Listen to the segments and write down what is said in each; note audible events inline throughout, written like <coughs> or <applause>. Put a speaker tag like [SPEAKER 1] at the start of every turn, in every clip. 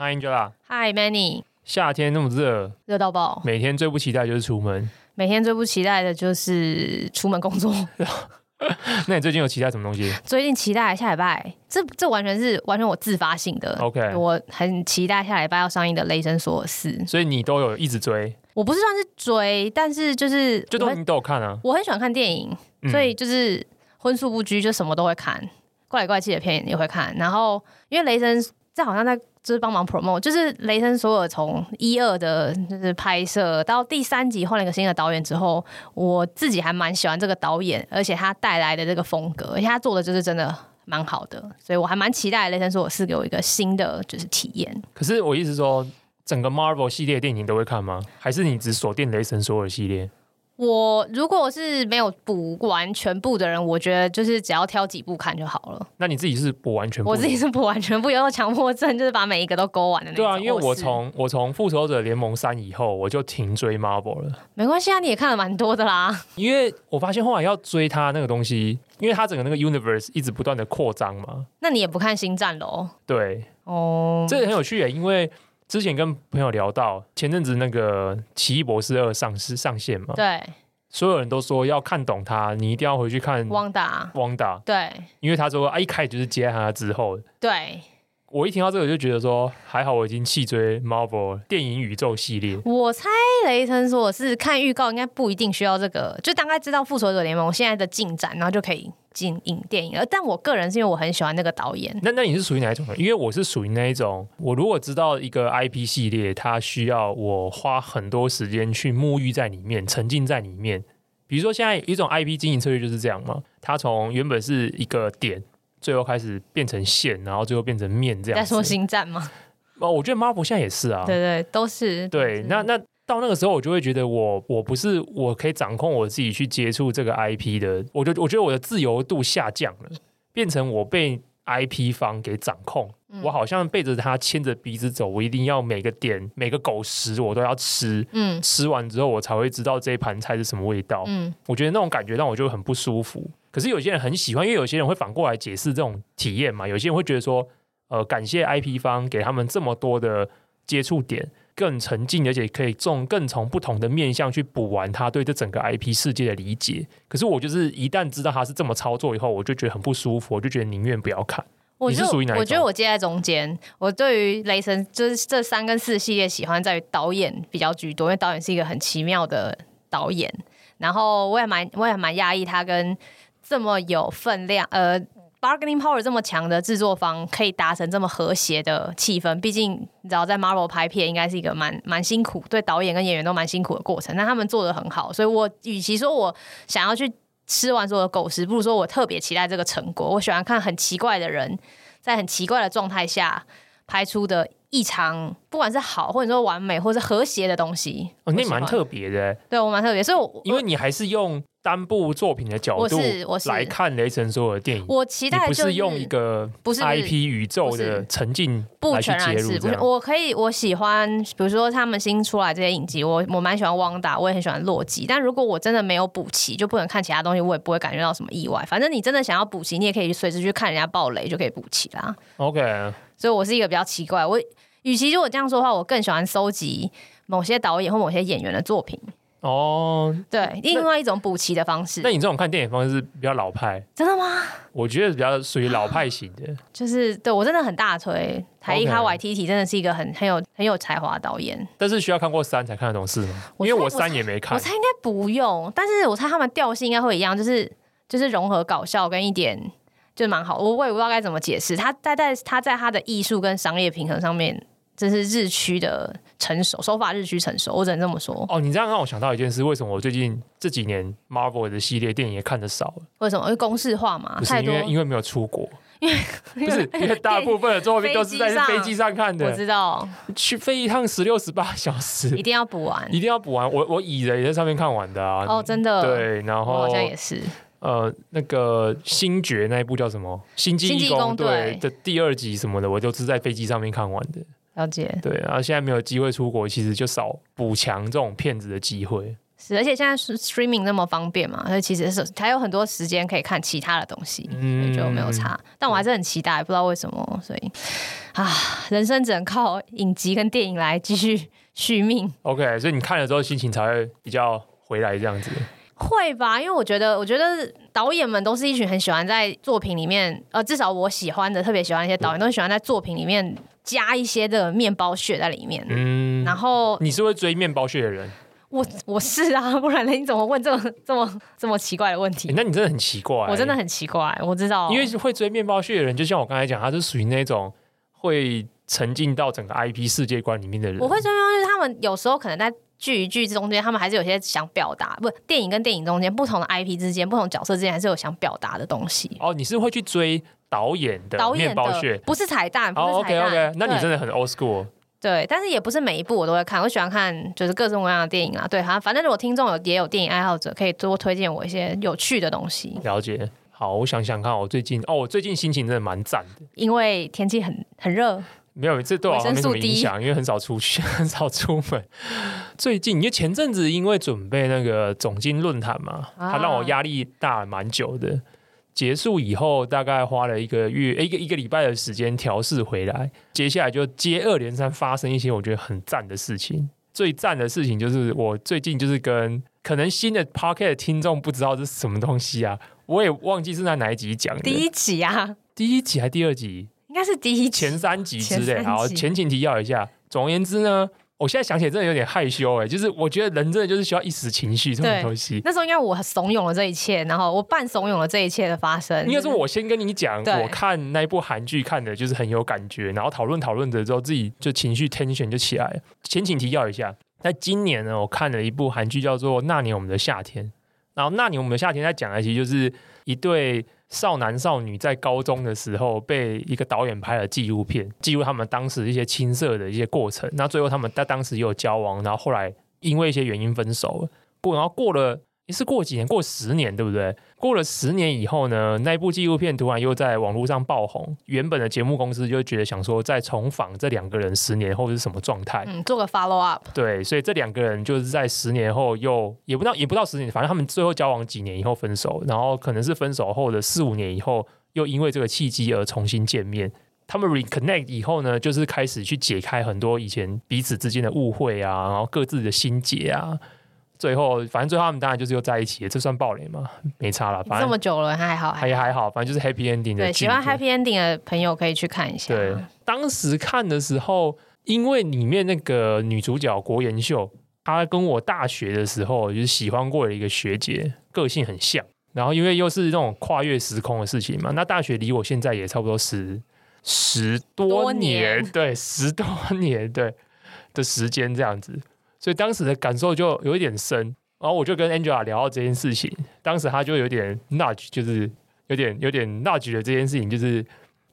[SPEAKER 1] Hi Angela，Hi Manny。夏天那麼熱，熱到爆。每天最不期待的就是出門。
[SPEAKER 2] 每天最不期待的就是出門工作。
[SPEAKER 1] <laughs> <laughs> 那你最近有期待什麼東西？
[SPEAKER 2] 最近期待下禮拜，這這完全是完全我自發性的。OK，我很期待下禮拜要上映的《雷神索爾四》。
[SPEAKER 1] 所以你都有一直追？
[SPEAKER 2] 我不是算是追，但是就是就都都
[SPEAKER 1] 有看啊。
[SPEAKER 2] 我很喜歡看電影，嗯、所以就是葷素不拘，就什麼都會看，怪裡怪氣的片也會看。然後因為雷神這好像在。就是幫忙 promo，就是《雷神索爾》從一二的，就是拍攝到第三集換了一個新的導演之後，我自己還蠻喜歡這個導演，而且他帶來的這個風格，而且他做的就是真的蠻好的，所以我還蠻期待《雷神索爾》是給我一個新的就是體驗。
[SPEAKER 1] 可是我意思是說，整個 Marvel 系列電影你都會看嗎？還是你只鎖定《雷神索爾》系列？
[SPEAKER 2] 我如果是沒有補完全部的人，我覺得就是只要挑幾部看就好了。
[SPEAKER 1] 那你自己是補完全部？部，我自己是
[SPEAKER 2] 補完全部，要強迫症，就是把每一個都勾完的那種。對啊，因為我從
[SPEAKER 1] 我從復仇者聯盟三以後，我就停追 Marvel 了。
[SPEAKER 2] 沒關係啊，你也看了蠻多的啦。
[SPEAKER 1] 因為我發現後來要追他那個東西，因為他整個那個 Universe 一直不斷的擴張嘛。
[SPEAKER 2] 那你也不看星戰咯？
[SPEAKER 1] 對，
[SPEAKER 2] 哦、um，這個很
[SPEAKER 1] 有趣耶，因為。之前跟朋友聊到，前陣子那個《奇異博士二》上是上線嘛？對，所有人都說要看懂他，你一定要回去看。汪達打，汪達打，對。因為他說啊，一開始就是接他之後。對。我一聽到這個，我就覺得說還好，我已經棄追 Marvel 電影宇宙系列。
[SPEAKER 2] 我猜雷神說我是看預告，應該不一定需要這個，就大概知道復仇者聯盟我現在的進展，然後就可以進影電影了。但我個人是因為我很喜歡那個導演。
[SPEAKER 1] 那那你是屬於哪一種呢？因為我是屬於那一種，我如果知道一個 IP 系列，它需要我花很多時間去沐浴在裡面，沉浸在裡面。比如說現在一種 IP 經營策略就是這樣嘛，它從原本是一個點。最後開始變成線，然後最後變成面，這樣。在說《星戰》嗎？哦，我覺得《Marvel》現在也是啊，對，對
[SPEAKER 2] 對，都是
[SPEAKER 1] 對。是那那到那個時候，我就會覺得我我不是我可以掌控我自己去接觸這個 IP 的，我就我覺得我的自由度下降了，嗯、變成我被 IP 方給掌控，嗯、我好像背着它牽着鼻子走，我一定要每個點每個狗食我都要吃，嗯，吃完之後我才會知道這一盤菜是什麼味道，嗯，我覺得那種感覺讓我就很不舒服。可是有些人很喜歡，因為有些人會反過來解釋這種體驗嘛。有些人會覺得說，呃，感謝 IP 方給他們這麼多的接觸點，更沉浸，而且可以重更從不同的面向去補完他對這整個 IP 世界的理解。可是我就是一旦知道他是這麼操作以後，我就覺得很不舒服，我就覺得寧願不要看。我就你是屬於哪一種？我覺
[SPEAKER 2] 得我接在中間。我對於雷神就是這三跟四系列喜歡在於導演比較居多，因為導演是一個很奇妙的導演。然後我也蠻，我也蠻訝異他跟。這麼有分量，呃，bargaining power 這麼強的製作方可以達成這麼和諧的氣氛。畢竟，你知道，在 Marvel 拍片應該是一個蠻蠻辛苦，對導演跟演員都蠻辛苦的過程。那他們做得很好，所以我與其說我想要去吃完所有的狗食，不如說我特別期待這個成果。我喜歡看很奇怪的人在很奇怪的狀態下拍出的異常，不管是好或者說完美，或者是和諧的東西。哦，
[SPEAKER 1] 那蠻特別的欸。
[SPEAKER 2] 對，我蠻特別，所以
[SPEAKER 1] 我因為你還是用三部作品的角度來看雷神所有的電影，我，我，我期待的，就是，不是用一個不是 IP 宇宙的沉浸，來去接入，不全然是。我
[SPEAKER 2] 可以，我喜歡，比如說他們新出來的這些影集，我我蠻喜歡汪達，我也很喜歡洛基。但如果我真的沒有補齊，就不能看其他東西，我也不會感覺到什麼意外。反正你真的想要補齊，你也可以隨時去看人家爆雷就可以補齊啦。OK，所以我是一個比較奇怪。我與其如果這樣說的話，我更喜歡收集某些導演或某些演員的作品。哦，oh, 對，另外一種補齊的方式那。那你這
[SPEAKER 1] 種看電影方式是比較老派，真的嗎？我覺得比較屬於老派型的，啊、
[SPEAKER 2] 就是對我真的很大推。台一卡瓦提提真的是一個很很有很有才華導演。
[SPEAKER 1] Okay. 但是需要看過三才看得懂四嗎？我我因為我三也沒看我，我猜應
[SPEAKER 2] 該不用。但是我猜他們調性應該會一樣，就是就是融合搞笑跟一點，就蠻好。我我也不知道該怎麼解釋，他他在他在他的藝術跟商業平衡上面，真是日趨的。成熟手法日趨成熟，我只能這麼說。哦，
[SPEAKER 1] 你這樣讓我想到一件事，為什麼我最近這幾年 Marvel 的系列電影也看得少了？
[SPEAKER 2] 為什麼？因為公式化嘛？不是，因為多因
[SPEAKER 1] 為沒有出國，因為 <laughs> 不是，因為大部分的作品都是在飛機上看的上。我知道，去飛一趟十六十八小時，一定要補完，一定要補完。我我蟻人也在上面看完的啊。哦，真的。對，然後好像、哦、也是。呃，那個星爵那一部叫什麼？星際異攻，星攻對。的對第二集什麼的，我都是在飛機上面看完的。小姐對，然後現在沒有機會出國，其實就少補強這種片子的機會。
[SPEAKER 2] 是，而且現在是 streaming 那麼方便嘛，所以其實是還有很多時間可以看其他的東西，嗯，所以就沒有差。但我還是很期待，嗯、不知道為什麼，所以啊，人生只能靠影集跟電影來繼續續，續命。
[SPEAKER 1] OK，所以你看了之後心情才會比較回來這樣子，
[SPEAKER 2] 會吧？因為我覺得，我覺得導演們都是一群很喜歡在作品裡面，呃，至少我喜歡的，特別喜歡一些導演，對都喜歡在作品裡面。加一些的麵包屑，在裡面，啊，嗯，然後
[SPEAKER 1] 你是會追麵包屑的人，
[SPEAKER 2] 我我是啊，不然呢？你怎麼問這麼這麼這麼奇怪的問題？欸，
[SPEAKER 1] 那你真的很奇怪。欸，我真的
[SPEAKER 2] 很奇怪。欸，我知道，因為
[SPEAKER 1] 會追麵包屑的人，就像我剛才講，他是屬於那種會沉浸到整個 IP 世界觀裡面的人。我會
[SPEAKER 2] 追麵包屑，他們有時候可能在劇與劇中間，他們還是有些想表達，不電影跟電影中間不同的 IP 之間，不同的角色之間還是有想表達的東西。
[SPEAKER 1] 哦，你是會去追。導演的，導演的麵包屑不是彩蛋，好，oh, OK OK，對那你真的很 old school。
[SPEAKER 2] 對，但是也不是每一部我都會看，我喜歡看就是各種各樣的電影啊。對，好，反正如果聽眾有也有電影愛好者，可以多推薦我一些有趣的東西。
[SPEAKER 1] 了解，好，我想想看，我最近哦，我最近心情真的蠻讚的，
[SPEAKER 2] 因為天氣很很熱，啊，
[SPEAKER 1] 沒有，這對我沒什麼影響，因為很少出去，很少出門。 <laughs> 最近因為前陣子因為準備那個總經論壇嘛，他讓我壓力大蠻久的。結束以後，大概花了一個月，一個一個禮拜的時間調試回來。接下來就接二連三發生一些我覺得很讚的事情。最讚的事情就是，我最近就是跟可能新的 Pocket 聽眾不知道這是什麼東西啊，我也忘記是在哪一集講。第一集啊，第一集還是第二集？應該是第一集前三集之類。好，前三集。好，前情提要一下，總而言之呢，我現在想起來真的有點害羞哎、欸,就是我覺得人真的就是需要一時情緒這種東西。那
[SPEAKER 2] 時候應該我慫恿了這一切，然後我半慫恿了這一切的發生。應該是我
[SPEAKER 1] 先跟你講，對我看那一部韓劇看的就是很有感覺，然後討論討論的之後，自己就情緒 tension 就起來了。先請提要一下，在今年呢，我看了一部韓劇叫做《那年我們的夏天》，然後《那年我們的夏天》在講的其實就是一對。少男少女在高中的時候被一個導演拍了紀錄片，記錄他們當時一些青澀的一些過程。那最後他們在當時也有交往，然後後來因為一些原因分手了。過，然後過了。也是過幾年，過十年，對不對？過了十年以後呢，那一部紀錄片突然又在網絡上爆紅。原本的節目公司就覺得想說，再重訪這兩個人十年後是什麼狀態，嗯，
[SPEAKER 2] 做個 follow up。
[SPEAKER 1] 對，所以這兩個人就是在十年後又也不到，也不到十年，反正他們最後交往幾年以後分手，然後可能是分手後的四五年以後，又因為這個契機而重新見面。他們 reconnect 以後呢，就是開始去解開很多以前彼此之間的誤會啊，然後各自的心結啊。最後，反正最後他們當然就是又在一起了，這算暴雷嗎？沒差了，反正這
[SPEAKER 2] 麼久了，還好，還
[SPEAKER 1] 也還好，反正就是 happy ending 的。對，喜歡
[SPEAKER 2] happy ending 的朋友可以去看一下。
[SPEAKER 1] 對，當時看的時候，因為裡面那個女主角國妍秀，她跟我大學的時候就是喜歡過的一個學姐，個性很像。然後因為又是那種跨越時空的事情嘛，那大學離我現在也差不多十，十多年，多年，十多年，對，十多年，對，的時間這樣子。所以當時的感受就有一點深，然後我就跟 Angela 聊到這件事情，當時他就有點 nudge，就是有點有點 nudge 的這件事情，就是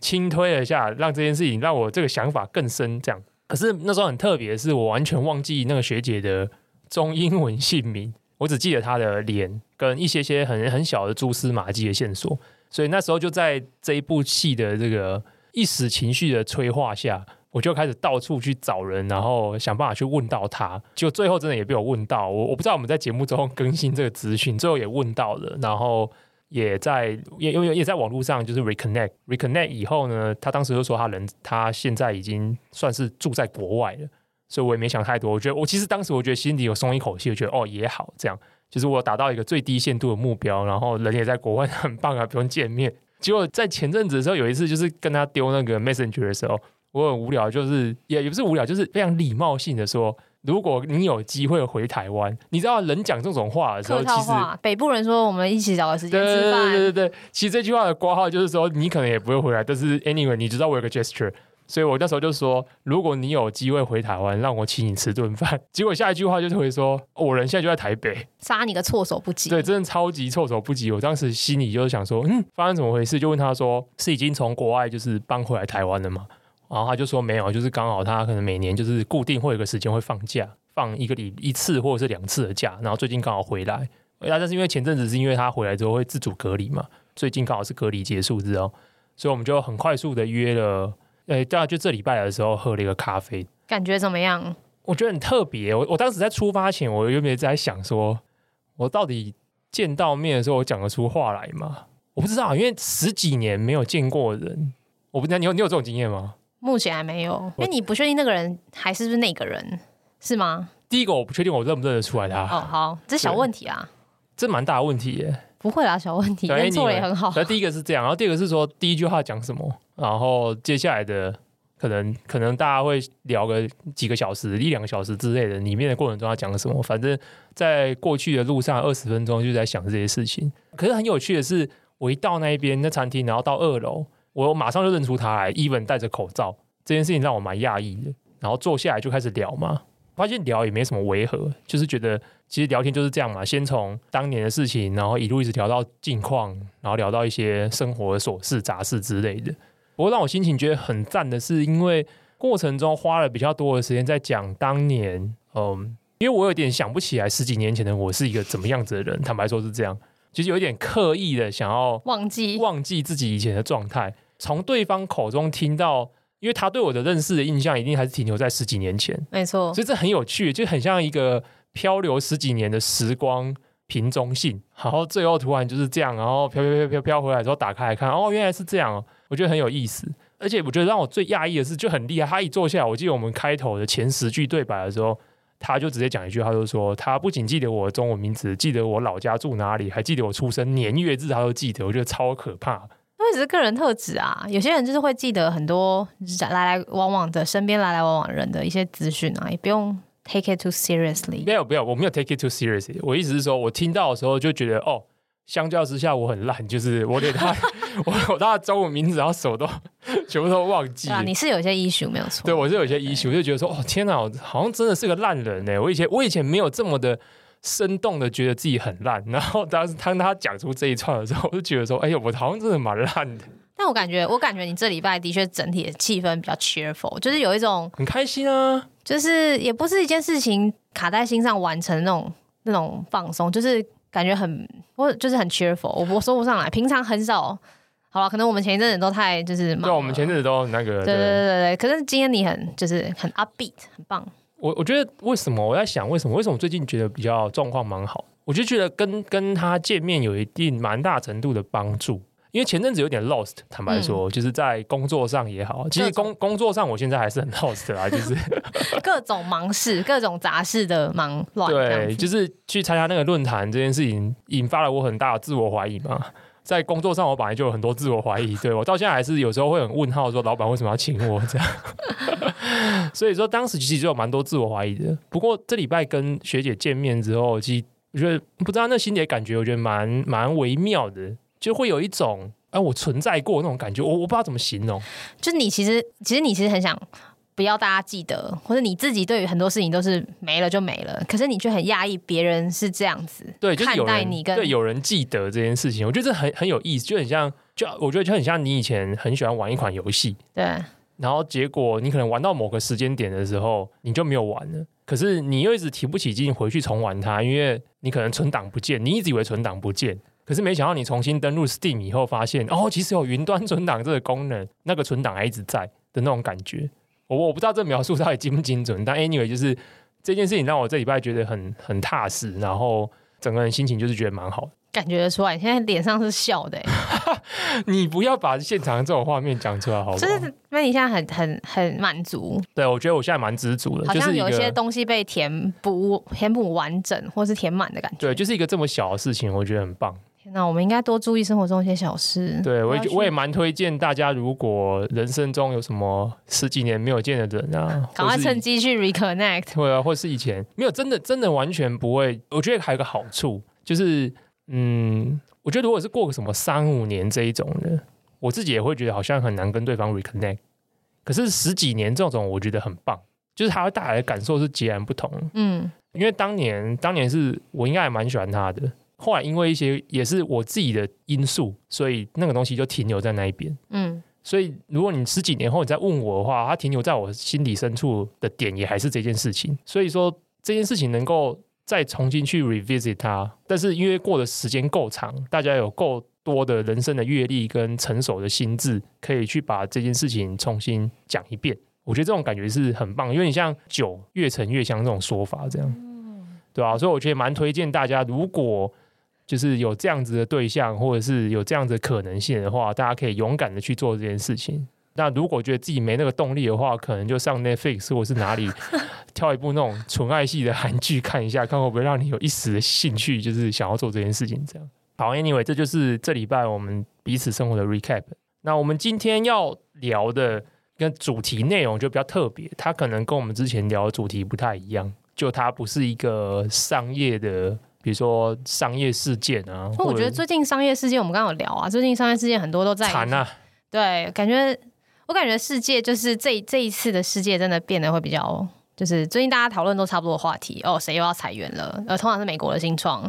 [SPEAKER 1] 輕推了一下，讓這件事情讓我這個想法更深這樣。可是那時候很特別的是，我完全忘記那個學姐的中英文姓名，我只記得她的臉跟一些些很很小的蛛絲馬跡的線索。所以那時候就在這一部戲的這個一時情緒的催化下。我就開始到處去找人，然後想辦法去問到他。就最後真的也被我問到，我我不知道我們在節目中更新這個資訊，最後也問到了，然後也在也因為也在網絡上就是 reconnect reconnect 以後呢，他當時就說他人他現在已經算是住在國外了，所以我也沒想太多。我覺得我其實當時我覺得心裡有鬆一口氣，我覺得哦也好這樣，就是我達到一個最低限度的目標，然後人也在國外，很棒啊，不用見面。結果在前陣子的時候有一次就是跟他丟那個 messenger 的時候。.我很無聊，就是也也不是無聊，就是非常禮貌性的說，如果你有機會回台灣，你知道人講這種話的時候，其實
[SPEAKER 2] 北部人說我們一起找個時間吃飯。對
[SPEAKER 1] 對對對，其實這句話的掛號就是說你可能也不會回來，但是 anyway 你知道我有個 gesture，所以我那時候就說，如果你有機會回台灣，讓我請你吃頓飯。結果下一句話就是會說，我人現在就在台北，
[SPEAKER 2] 殺你個措手不
[SPEAKER 1] 及。對，真的超級措手不及。我當時心裡就想說，嗯，發生怎麼回事？就問他說，是已經從國外就是搬回來台灣了嗎？然後他就說沒有，就是剛好他可能每年就是固定會有一個時間會放假，放一個禮一次或者是兩次的假。然後最近剛好回來、啊，但是因為前陣子是因為他回來之後會自主隔離嘛，最近剛好是隔離結束之後，所以我們就很快速的約了，大、哎、家、對啊、就這禮拜來的時候喝了一個咖啡，
[SPEAKER 2] 感覺怎麼樣？
[SPEAKER 1] 我覺得很特別。我我當時在出發前，我有沒有在想說，我到底見到面的時候我講得出話來嗎？我不知道，因為十幾年沒有見過人，我不知道你有你有這種經驗嗎？
[SPEAKER 2] 目前還沒有，因為你不確定那個人還是不是那個人，我是嗎？
[SPEAKER 1] 第一個我不確定我認不認得出來他，啊。哦，好，
[SPEAKER 2] 這是小問題啊，
[SPEAKER 1] 這蠻大的問題耶。
[SPEAKER 2] 不會啦，小問題，因為做的也很好。那
[SPEAKER 1] 第一個是這樣，然後第二個是說第一句話講什麼，然後接下來的可能可能大家會聊個幾個小時、一兩個小時之類的。裡面的過程中要講什麼？反正，在過去的路上二十分鐘就在想這些事情。可是很有趣的是，我一到那一邊那餐廳，然後到二樓。我馬上就認出他來，Even 戴着口罩，這件事情讓我蠻訝異的。然後坐下來就開始聊嘛，發現聊也沒什麼違和，就是覺得其實聊天就是這樣嘛，先從當年的事情，然後一路一直聊到近況，然後聊到一些生活的瑣事、雜事之類的。不過讓我心情覺得很讚的是，因為過程中花了比較多的時間在講當年，嗯，因為我有點想不起來十幾年前的我是一個怎麼樣子的人，坦白說是這樣，其實有點刻意的想要忘記忘記自己以前的狀態。從對方口中聽到，因為他對我的認識的印象，一定還是停留在十幾年前。沒錯，所以這很有趣，就很像一個漂流十幾年的時光瓶中信。然後最後突然就是這樣，然後飄飄飄飄飄飄回來之後，打開來看，哦，原來是這樣哦，我覺得很有意思。而且我覺得讓我最訝異的是，就很厲害。他一坐下來，我記得我們開頭的前十句對白的時候，他就直接講一句，他就說，他不僅記得我的中文名字，記得我老家住哪裡，還記得我出生年月日，他都記得，我覺得超可怕。
[SPEAKER 2] 因為只是個人特質啊，有些人就是會記得很多來來往往的身邊來來往往人的一些資訊啊，也不用 take it too seriously。
[SPEAKER 1] 沒有，沒有，我沒有 take it too seriously。我意思是說，我聽到的時候就覺得，哦，相較之下我很爛，就是我連他， <laughs> 我我他中文名字，然後手都全部都忘記。啊，你
[SPEAKER 2] 是有些 issue，沒有
[SPEAKER 1] 錯。對，我是有一些 issue，對對我就覺得說，哦，天哪，我好像真的是個爛人呢、欸。我以前我以前沒有這麼的。生動的覺得自己很爛，然後當他，他，他，他講出這一串的時候，我就覺得說：“哎呦，我好像真的蠻爛的。”
[SPEAKER 2] 但我感覺，我感覺你這禮拜的確整體的氣氛比較 cheerful，就是有一種很開心啊，就是也不是一件事情卡在心上完成那種那種放鬆，就是感覺很我就是很 cheerful，我說不上來， <laughs> 平常很少。好吧？可能我們前一陣子都太就是，對、啊，我們
[SPEAKER 1] 前一陣子都那個，對，對對
[SPEAKER 2] 對對。可是今天你很就是很 upbeat，很棒。
[SPEAKER 1] 我我覺得為什麼，我在想為什麼？為什麼最近覺得比較狀況蠻好？我就覺得跟跟他見面有一定蠻大程度的幫助。因為前陣子有點 lost，坦白說，就是在工作上也好，其實工工作上我現在還是很 lost 啦，就是各
[SPEAKER 2] 種， <laughs> 各種忙事、各種雜事的忙亂。對，就
[SPEAKER 1] 是去參加那個論壇這件事情，引發了我很大的自我懷疑嘛。在工作上，我本來就有很多自我懷疑，對我到現在還是有時候會很問號，說老闆為什麼要請我這樣。 <laughs> 所以說，當時其實就有蠻多自我懷疑的。不過這禮拜跟學姐見面之後，其實我覺得不知道那心裡的感覺，我覺得蠻蠻微妙的，就會有一種哎、啊，我存在過那種感覺。我我不知道怎麼形容，就你其實，其實你其實很想。不要大家記得，
[SPEAKER 2] 或者你自己對於很多事情都是沒了就沒了，可是你卻很訝異別人是這樣子
[SPEAKER 1] 對、就是、看待你跟，跟對有人記得這件事情，我覺得這很很有意思，就很像，就我覺得就很像你以前很喜歡玩一款遊戲，對，然後結果你可能玩到某個時間點的時候，你就沒有玩了，可是你又一直提不起勁回去重玩它，因為你可能存檔不見，你一直以為存檔不見，可是沒想到你重新登錄 Steam 以後發現，哦，其實有雲端存檔這個功能，那個存檔還一直在的那種感覺。我我不知道這描述到底精不精準，但 anyway 就是這件事情讓我這禮拜覺得很很踏實，然後整個人心情就是覺得蠻好。
[SPEAKER 2] 感覺出來，你現在臉上是笑的。
[SPEAKER 1] <laughs> 你不要把現場這種畫面講出來，好不好？就
[SPEAKER 2] 是那你現在很很很滿足。
[SPEAKER 1] 對，我覺得我現在蠻知足的，就是、好像有一些
[SPEAKER 2] 東西被填補、填補完整或是填滿的感
[SPEAKER 1] 覺。對，就是一個這麼小的事情，我覺得很棒。
[SPEAKER 2] 那我們應該多注意生活中一些小事。對，我也我也
[SPEAKER 1] 蠻推薦大家，如果人生中有什麼十幾年沒有見的人啊，啊、或是、趕快趁
[SPEAKER 2] 機去 reconnect。
[SPEAKER 1] 對啊，或是以前沒有真的真的完全不會。我覺得還有一個好處就是，嗯，我覺得如果是過個什麼三五年這一種的，我自己也會覺得好像很難跟對方 reconnect。可是十幾年這種，我覺得很棒，就是它會帶來的感受是截然不同。嗯，因為當年當年是我應該還蠻喜歡他的。後來因為一些也是我自己的因素，所以那個東西就停留在那一邊。嗯，所以如果你十幾年後你再問我的話，它停留在我心底深處的點也還是這件事情。所以說這件事情能夠再重新去 revisit 它，但是因為過的時間夠長，大家有夠多的人生的閱歷跟成熟的心智，可以去把這件事情重新講一遍。我覺得這種感覺是很棒，因為你像酒越陳越香這種說法，這樣，嗯、對啊？所以我覺得蠻推薦大家，如果就是有這樣子的對象，或者是有這樣子的可能性的話，大家可以勇敢的去做這件事情。那如果覺得自己沒那個動力的話，可能就上 Netflix 或是哪裡挑 <laughs> 一部那種純愛系的韓劇看一下，看會不會讓你有一時的興趣，就是想要做這件事情。這樣好，anyway，這就是這禮拜我們彼此生活的 recap。那我們今天要聊的跟主題內容就比較特別，它可能跟我們之前聊的主題不太一樣，就它不是一個商業的。比如說商業事件啊，我覺得最
[SPEAKER 2] 近商業事件，我們剛剛有聊啊，最近商業事件很多都在談啊，對，感覺我感覺世界就是這這一次的世界真的變得會比較，就是最近大家討論都差不多的話題哦，誰又要裁員了？而通常是美國的新創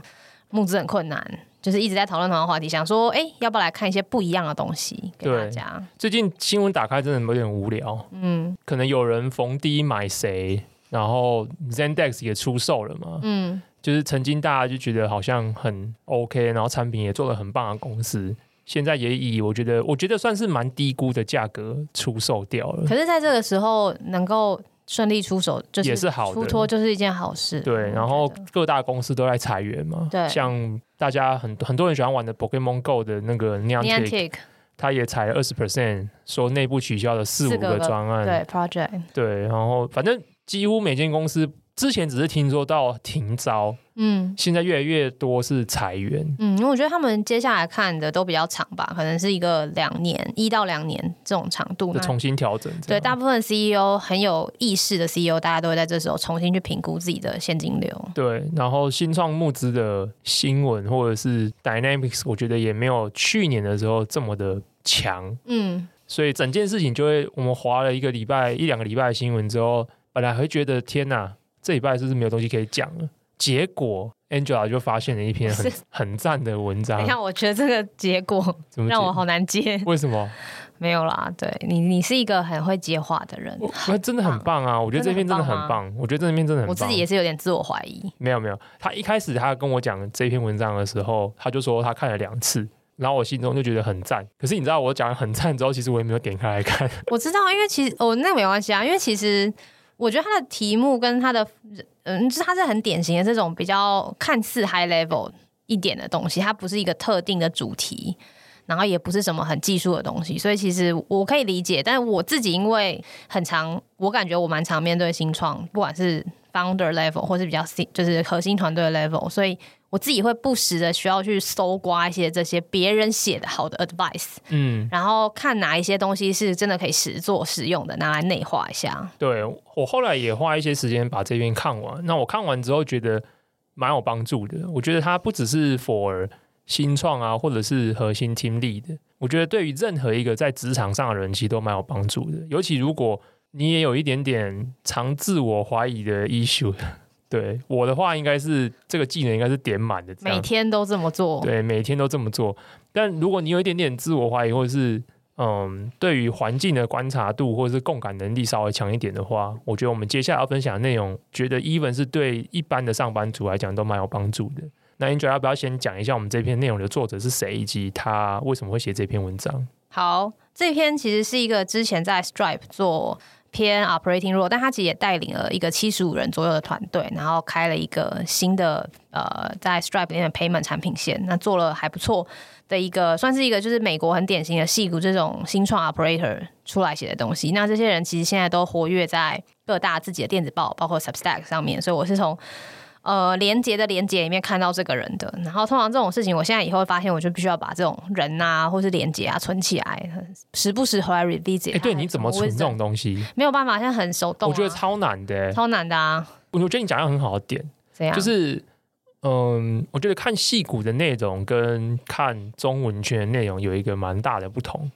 [SPEAKER 2] 募資很困難，就是一直在討論同樣的話題，想說哎，要不要來看一些不一樣的東西
[SPEAKER 1] 給大家？最近新聞打開真的有點無聊，嗯，可能有人逢低買誰，然後 Zendex 也出售了嘛，嗯。就是曾經大家就覺得好像很 OK，然後產品也做的很棒的公司，現在也以我覺得我覺得算是蠻低估的價格出售掉了。可是，
[SPEAKER 2] 在這個時候能夠順利出手，就是也是出脫，就是一件好事。好。
[SPEAKER 1] 對，Okay 然後各大公司都在裁員嘛。對，像大家很很多人喜歡玩的 Pokemon Go 的那個 Niantic，他也裁了二十 percent，說內部取消了四,四個個五個專案。對，project。對，然後反正幾乎每間公司。之前只是聽說到停招，嗯，現在越來越多是裁員，
[SPEAKER 2] 嗯，因為我覺得他們接下來看的都比較長吧，可能是一個兩年一到兩年這種長度，就重
[SPEAKER 1] 新調整，對，大
[SPEAKER 2] 部分 CEO 很有意識的 CEO，大家都會在這時候重新去評估自己的現金流，
[SPEAKER 1] 對，然後新創募資的新聞或者是 Dynamics，我覺得也沒有去年的時候這麼的強，嗯，所以整件事情就會我們劃了一個禮拜一兩個禮拜的新聞之後，本來會覺得天哪。這禮拜是不是沒有東西可以講了？結果 Angela 就發現了一篇很是很讚的文章。你看，
[SPEAKER 2] 我覺得這個結果讓我好難接。為什麼？沒有啦，對你，你是一個很會接話的人，
[SPEAKER 1] 那我真的很棒啊！棒啊，我覺得這篇真的很棒，很棒啊、我覺得這篇真的很棒。我自己也是有
[SPEAKER 2] 點自我懷疑。
[SPEAKER 1] 沒有沒有，他一開始他跟我講這篇文章的時候，他就說他看了兩次，然後我心中就覺得很讚。可是你知道，我講得很讚之後，其實我也沒有點開來看。
[SPEAKER 2] 我知道，因為其實我、哦、那個、沒關係啊，因為其實。我覺得他的題目跟他的，嗯，就是他是很典型的這種比較看似 high level 一點的東西，它不是一個特定的主題，然後也不是什麼很技術的東西，所以其實我可以理解。但是我自己因為很常，我感覺我蠻常面對新創，不管是 founder level 或是比較新，就是核心團隊的 level，所以。我自己會不時的需要去搜刮一些這些別人寫的好的 advice，嗯，然後看哪一些東西是真的可以實做實用的，拿來內化一下。
[SPEAKER 1] 對，我後來也花一些時間把這篇看完，那我看完之後覺得蠻有幫助的。我覺得它不只是 for 新創啊，或者是核心 team lead 的，我覺得對於任何一個在職場上的人其實都蠻有幫助的。尤其如果你也有一點點常自我懷疑的 issue。對，我的話，應該是這個技能應該是點滿的，每天
[SPEAKER 2] 都這麼做。
[SPEAKER 1] 對，每天都這麼做。但如果你有一點點自我懷疑，或者是嗯，對於環境的觀察度或者是共感能力稍微強一點的話，我覺得我們接下來要分享的內容，覺得 even 是對一般的上班族來講都蠻有幫助的。那你覺得要不要先講一下我們這篇內容的作者是誰，以及他為什麼會寫這篇文章？
[SPEAKER 2] 好，這篇其實是一個之前在 Stripe 做。偏 operating role，但他其實也帶領了一個七十五人左右的團隊，然後開了一個新的呃，在 Stripe 裡面的 payment 產品線，那做了還不錯的一個，算是一個就是美國很典型的矽谷這種新創 operator 出來寫的東西。那這些人其實現在都活躍在各大自己的電子報，包括 Substack 上面，所以我是從。呃，連接的連接裡面看到這個人的，然後通常這種事情，我現在以後發現，我就必須要把這種人啊，或是連接啊存起來，時不時回來 review 一下。哎，欸、對，你怎麼存這種
[SPEAKER 1] 東西？
[SPEAKER 2] 沒有辦法，現在很手動。我覺得超
[SPEAKER 1] 難的、欸，超
[SPEAKER 2] 難的啊！
[SPEAKER 1] 我覺得你講一個很好的點，怎樣？就是嗯，我覺得看矽谷的內容跟看中文圈的內容有一個蠻大的不同。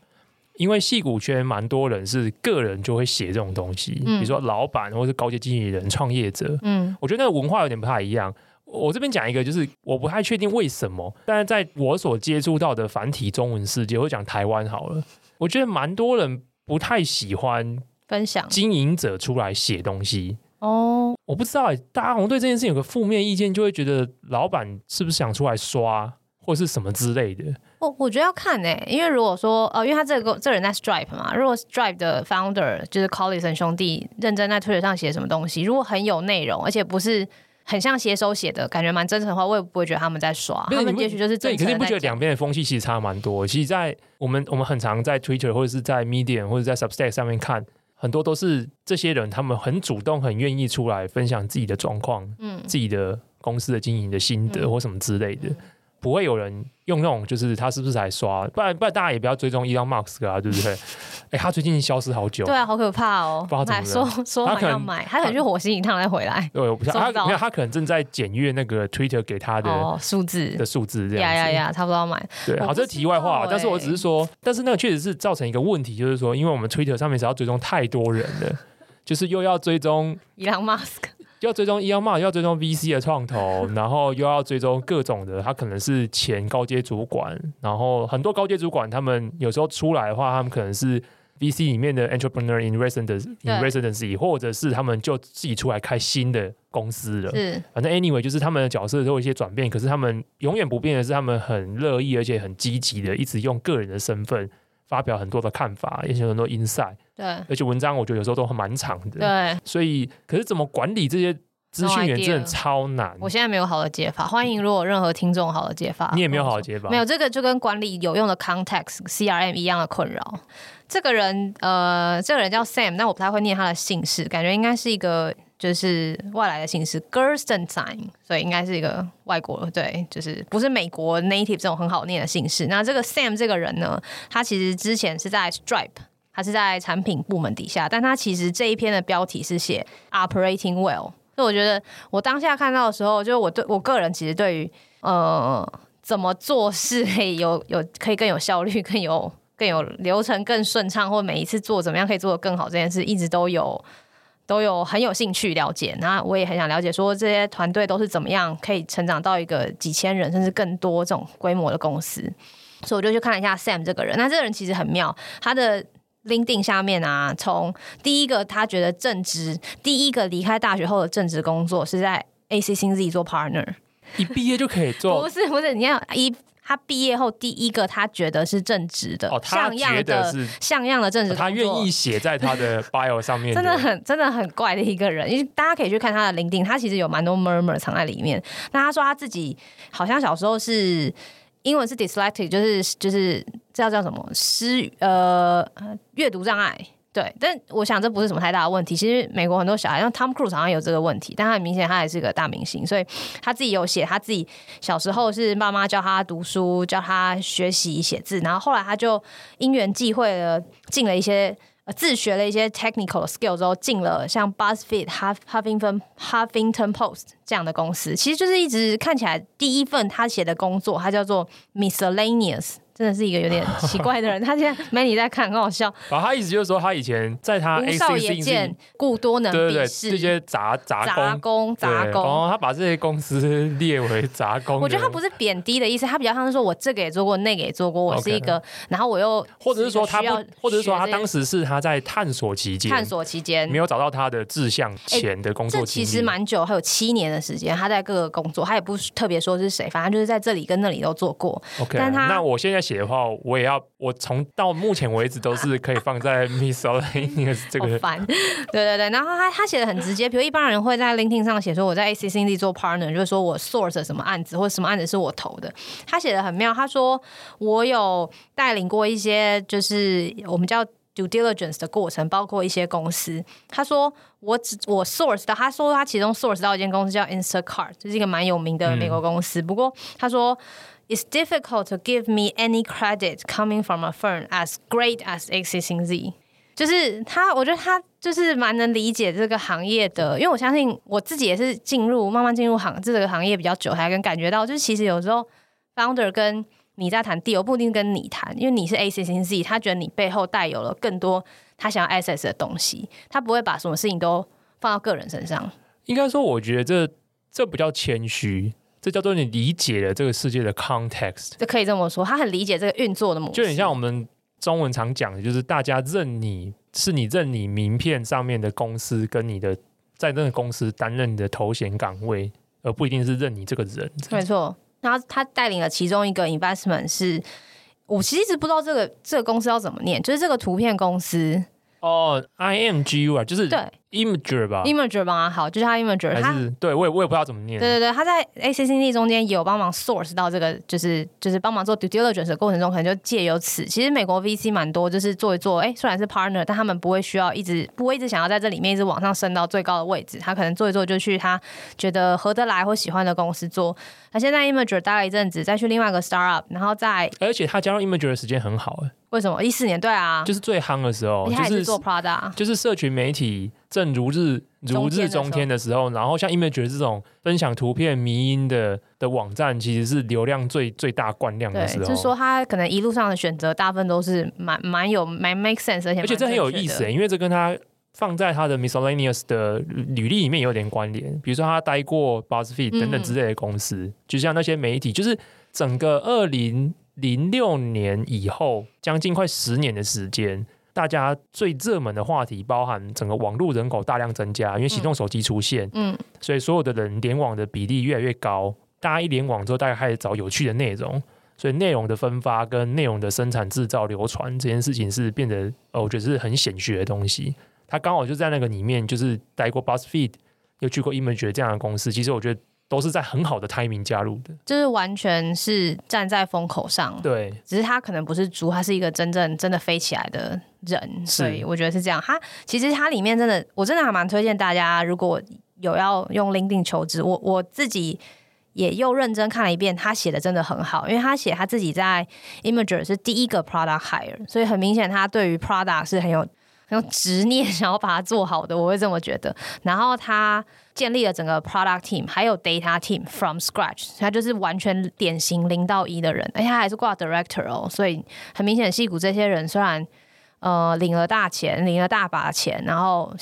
[SPEAKER 1] 因為矽谷圈蠻多人是個人就會寫這種東西，嗯、比如說老闆或是高階經理人，創業者。嗯，我覺得那個文化有點不太一樣。我這邊講一個，就是我不太確定為什麼，但是在我所接觸到的繁體中文世界，我講台灣好了，我覺得蠻多人不太喜歡分享經營者出來寫東西。哦享，我不知道大家可能對這件事有個負面意見，就會覺得老闆是不是想出來刷，或是什麼之類的。
[SPEAKER 2] 我我覺得要看呢？欸，因為如果說呃、哦，因為他這個這人在 Stripe 嘛，如果 Stripe 的 founder 就是 Collison 兄弟認真在推特上寫什麼東西，如果很有內容，而且不是很像寫手寫的感覺，蠻真誠的話，我也不會覺得他們在耍，是他們也許就是真的。你肯定不覺得兩
[SPEAKER 1] 邊的風氣其實差蠻多。其實，在我們我們很常在 Twitter 或者是在 Medium 或者在 Substack 上面看，很多都是這些人，他們很主動，很願意出來分享自己的狀況，嗯，自己的公司的經營的心得、嗯、或什麼之類的。不會有人用那種，就是他是不是還刷？不然不然大家也不要追蹤 Elon Musk 啊，對不對？哎，他最近消失好久。對啊，
[SPEAKER 2] 好可怕哦，不知道怎麼。買說說可能買，他可能去火星一趟再回來。對，我不知道他沒有，他
[SPEAKER 1] 可能正在檢閱那個 Twitter 給他的數字的數字這樣。呀呀
[SPEAKER 2] 呀，差不多要買。
[SPEAKER 1] 對，好，這是題外話。但是我只是說，但是那個確實是造成一個問題，就是說，因為我們 Twitter 上面只要追蹤太多人了，就是又要追蹤
[SPEAKER 2] Elon Musk
[SPEAKER 1] 要追蹤 e IPO，要追蹤 VC 的創投， <laughs> 然後又要追蹤各種的。他可能是前高階主管，然後很多高階主管他們有時候出來的話，他們可能是 VC 裡面的 entrepreneur in residence，in 對 residency，或者是他們就自己出來開新的公司了。是反正 anyway，就是他們的角色都有一些轉變，可是他們永遠不變的是，他們很樂意而且很積極的，一直用個人的身份發表很多的看法，也且很多 insight。對，而且文章我覺得有時候都蠻長的。對，所以可是怎麼管理這些資訊源真的超難。No、我
[SPEAKER 2] 現在沒有好的解法，歡迎如果任何聽眾好的解法。嗯、你
[SPEAKER 1] 也沒有好的解法，沒有這
[SPEAKER 2] 個就跟管理有用的 context CRM 一樣的困擾。這個人呃，這個人叫 Sam，那我不太會念他的姓氏，感覺應該是一個就是外來的姓氏 Gerstenzang，所以應該是一個外國，對，就是不是美國 native 這種很好念的姓氏。那這個 Sam 這個人呢，他其實之前是在 Stripe。他是在產品部門底下，但他其實這一篇的標題是寫 "Operating Well"，所以我覺得我當下看到的時候，就是我對我個人其實對於呃怎麼做事可以有有可以更有效率、更有更有流程更順暢，或每一次做怎麼樣可以做得更好這件事，一直都有都有很有興趣了解。那我也很想了解說這些團隊都是怎麼樣可以成長到一個幾千人甚至更多這種規模的公司，所以我就去看了一下 Sam 這個人。那這個人其實很妙，他的 LinkedIn 下面啊，從第一個他覺得正職，第一個離開大學後的正職工作是在 ACCZ 做 partner。
[SPEAKER 1] 一畢業就可以做？ <laughs> 不
[SPEAKER 2] 是，不是，你看一他畢業後第一個他覺得是正職的，哦，他覺得是像樣，像樣的正職，哦，他願意寫
[SPEAKER 1] 在他的 bio 上面。 <laughs> 真的
[SPEAKER 2] 很，真的很怪的一個人，因為大家可以去看他的 LinkedIn，他其實有蠻多 murmur 藏在裡面。那他說他自己好像小時候是英文是 dyslexic 就是就是。就是叫叫什麼失呃閱讀障礙對，但我想這不是什麼太大的問題。其實美國很多小孩，像 Tom Cruise 好像有這個問題，但他很明顯他還是個大明星，所以他自己有寫他自己小時候是媽媽教他讀書、教他學習寫字，然後後來他就因緣際會了進了一些、呃、自學了一些 technical skills 之後，進了像 BuzzFeed、Huffington、Huffington Post 這樣的公司，其實就是一直看起來第一份他寫的工作，他叫做 Miscellaneous。真的是一個有點奇怪的人，他現在沒你在看，很好笑。
[SPEAKER 1] 然後他意思就是說，他以前在他吾少也賤，
[SPEAKER 2] 故多能鄙事這些
[SPEAKER 1] 雜雜工雜工，他把這些公司列為雜工。我覺得他不
[SPEAKER 2] 是貶低的意思，他比較像是說我這個也做過，那個也做過，我是一個，然後我又或者是說他不，或
[SPEAKER 1] 者是說他當時是他在探索期間，探
[SPEAKER 2] 索期間沒
[SPEAKER 1] 有找到他的志向前的工作經歷，其實蠻
[SPEAKER 2] 久，還有七年的時間，他在各個工作，他也不特別說是誰，反正就是在這裡跟那裡都做過。OK，那
[SPEAKER 1] 我現在。寫的話，我也要我從到目前為止都是可以放在 Microsoft 這個。
[SPEAKER 2] 煩、oh,，對對對，然後他他寫的很直接，比如一般人會在 LinkedIn 上寫說我在 ACCD 做 Partner，就是說我 source 什麼案子或什麼案子是我投的。他寫的很妙，他說我有帶領過一些就是我們叫 due diligence 的過程，包括一些公司。他說我只我 source 的，他說他其中 source 到一間公司叫 Instacart，這是一個蠻有名的美國公司。嗯、不過他說。It's difficult to give me any credit coming from a firm as great as ACCZ。就是他，我覺得他就是蠻能理解這個行業的，因為我相信我自己也是進入慢慢進入行這個行業比較久，才能感覺到，就是其實有時候 founder 跟你在談 deal，不一定跟你談，因為你是 ACCZ，他覺得你背後帶有了更多他想要 access 的東西。他不會把什麼事情都放到個人身上。
[SPEAKER 1] 應該說，我覺得這這比較謙虛。這叫做你理解了這個世界的 context，
[SPEAKER 2] 就可以這麼說，他很理解這個運作的模式。就
[SPEAKER 1] 很像我們中文常講的，就是大家認你是你認你名片上面的公司跟你的在那個公司擔任的頭銜崗位，而不一定是認你這個人。沒
[SPEAKER 2] 錯。那他帶領了其中一個 investment，是我其實一直不知道這個這個公司要怎麼念，就是這個圖片公司。
[SPEAKER 1] 哦、oh，imgu 啊，就是 Im 對，imager 吧
[SPEAKER 2] ，imager 吧，好，就是他 imager，他
[SPEAKER 1] 對我也我也不知道怎麼念。對對
[SPEAKER 2] 對，他在 accd 中間有幫忙 source 到這個，就是就是幫忙做 due diligence 的過程中，可能就借由此。其實美國 VC 蠻多，就是做一做，哎、欸，雖然是 partner，但他們不會需要一直不會一直想要在這裡面一直往上升到最高的位置，他可能做一做就去他覺得合得來或喜歡的公司做。他現在 imager 待了一陣子再去另外一個 startup，然後再
[SPEAKER 1] 而且他加入 imager 的時間很好，哎、欸。
[SPEAKER 2] 為什麼一四年？對啊，
[SPEAKER 1] 就是最夯的時候，是就是做 PR 的，就是社群媒體正如日如日中天的時候，時候，然後像 Image 這種分享圖片迷因的的網站，其實是流量最最大慣量的時候。對，就是說，
[SPEAKER 2] 他可能一路上的選擇大部分都是蠻蠻有蠻 make sense，而且而且這很有意思，的因
[SPEAKER 1] 為這跟他放在他的 miscellaneous 的履歷裡面有點關聯。比如說，他待過 BuzzFeed 等等之類的公司，嗯嗯，就像那些媒體，就是整個二零。零六年以後，將近快十年的時間，大家最熱門的話題包含整個網絡人口大量增加，因為行動手機出現，嗯，嗯，所以所有的人聯網的比例越來越高。大家一聯網之後，大家開始找有趣的內容，所以內容的分發跟內容的生產、制造、流傳這件事情是變得，呃，我覺得是很顯學的東西。他剛好就在那個裡面，就是待過 Buzzfeed，又去過 Imgur 這樣的公司。其實我覺得。都是在很好的 timing 加入的，
[SPEAKER 2] 就是完全是站在風口上。對，只是他可能不是豬，他是一個真正、真的飛起來的人，是所以我覺得是這樣。他其實他裡面真的，我真的還蠻推薦大家，如果有要用 LinkedIn 求職，我我自己也又認真看了一遍，他寫的真的很好，因為他寫他自己在 Imager 是第一個 Product Hire，所以很明顯他對於 Product 是很有、很有執念，想要把它做好的，我會這麼覺得。然後他。建立了整個 product team，還有 data team from scratch，他就是完全典型零到一的人，而且他還是掛 director 哦，所以很明顯，矽谷這些人雖然呃領了大錢，領了大把錢，然後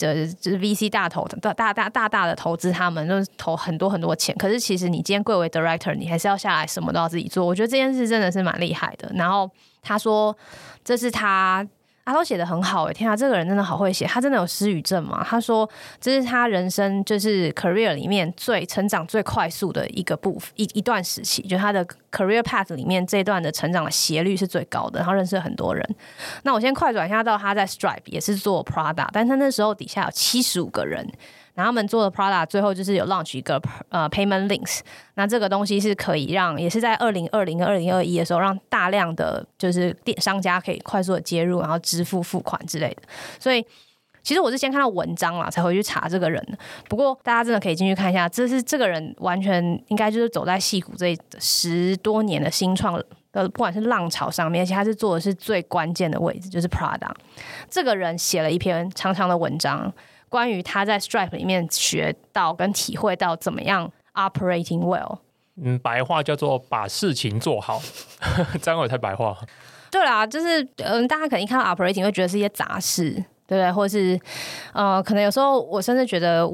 [SPEAKER 2] 呃就是 VC 大投，大大大大大的投資他們，都投很多很多錢，可是其實你今天貴為 director，你還是要下來，什麼都要自己做。我覺得這件事真的是蠻厲害的。然後他說，這是他。阿濤寫得很好哎、欸，天啊，這個人真的好會寫，他真的有失語症嗎？他說，這是他人生就是 career 裡面最成長最快速的一個部分一一段時期，就是他的 career path 裡面這一段的成長的斜率是最高的，然後認識很多人。那我先快轉一下到他在 Stripe 也是做 product，但他那時候底下有七十五個人。然後他們做的 product 最後就是有 launch 一個呃 payment links，那這個東西是可以讓也是在二零二零跟二零二一的時候讓大量的就是店商家可以快速的接入然後支付付款之類的，所以其實我是先看到文章了才回去查這個人。不過大家真的可以進去看一下，這是這個人完全應該就是走在矽谷這十多年的新創呃，不管是浪潮上面，而且他是做的是最關鍵的位置，就是 product。這個人寫了一篇長長的文章。關於他在 Stripe 裡面學到跟體會到怎麼樣 operating well，
[SPEAKER 1] 嗯，白話叫做把事情做好，這樣也太白話。
[SPEAKER 2] 對啦，就是嗯、呃，大家可能一看到 operating 會覺得是一些雜事，對不對？或者是呃，可能有時候我甚至覺得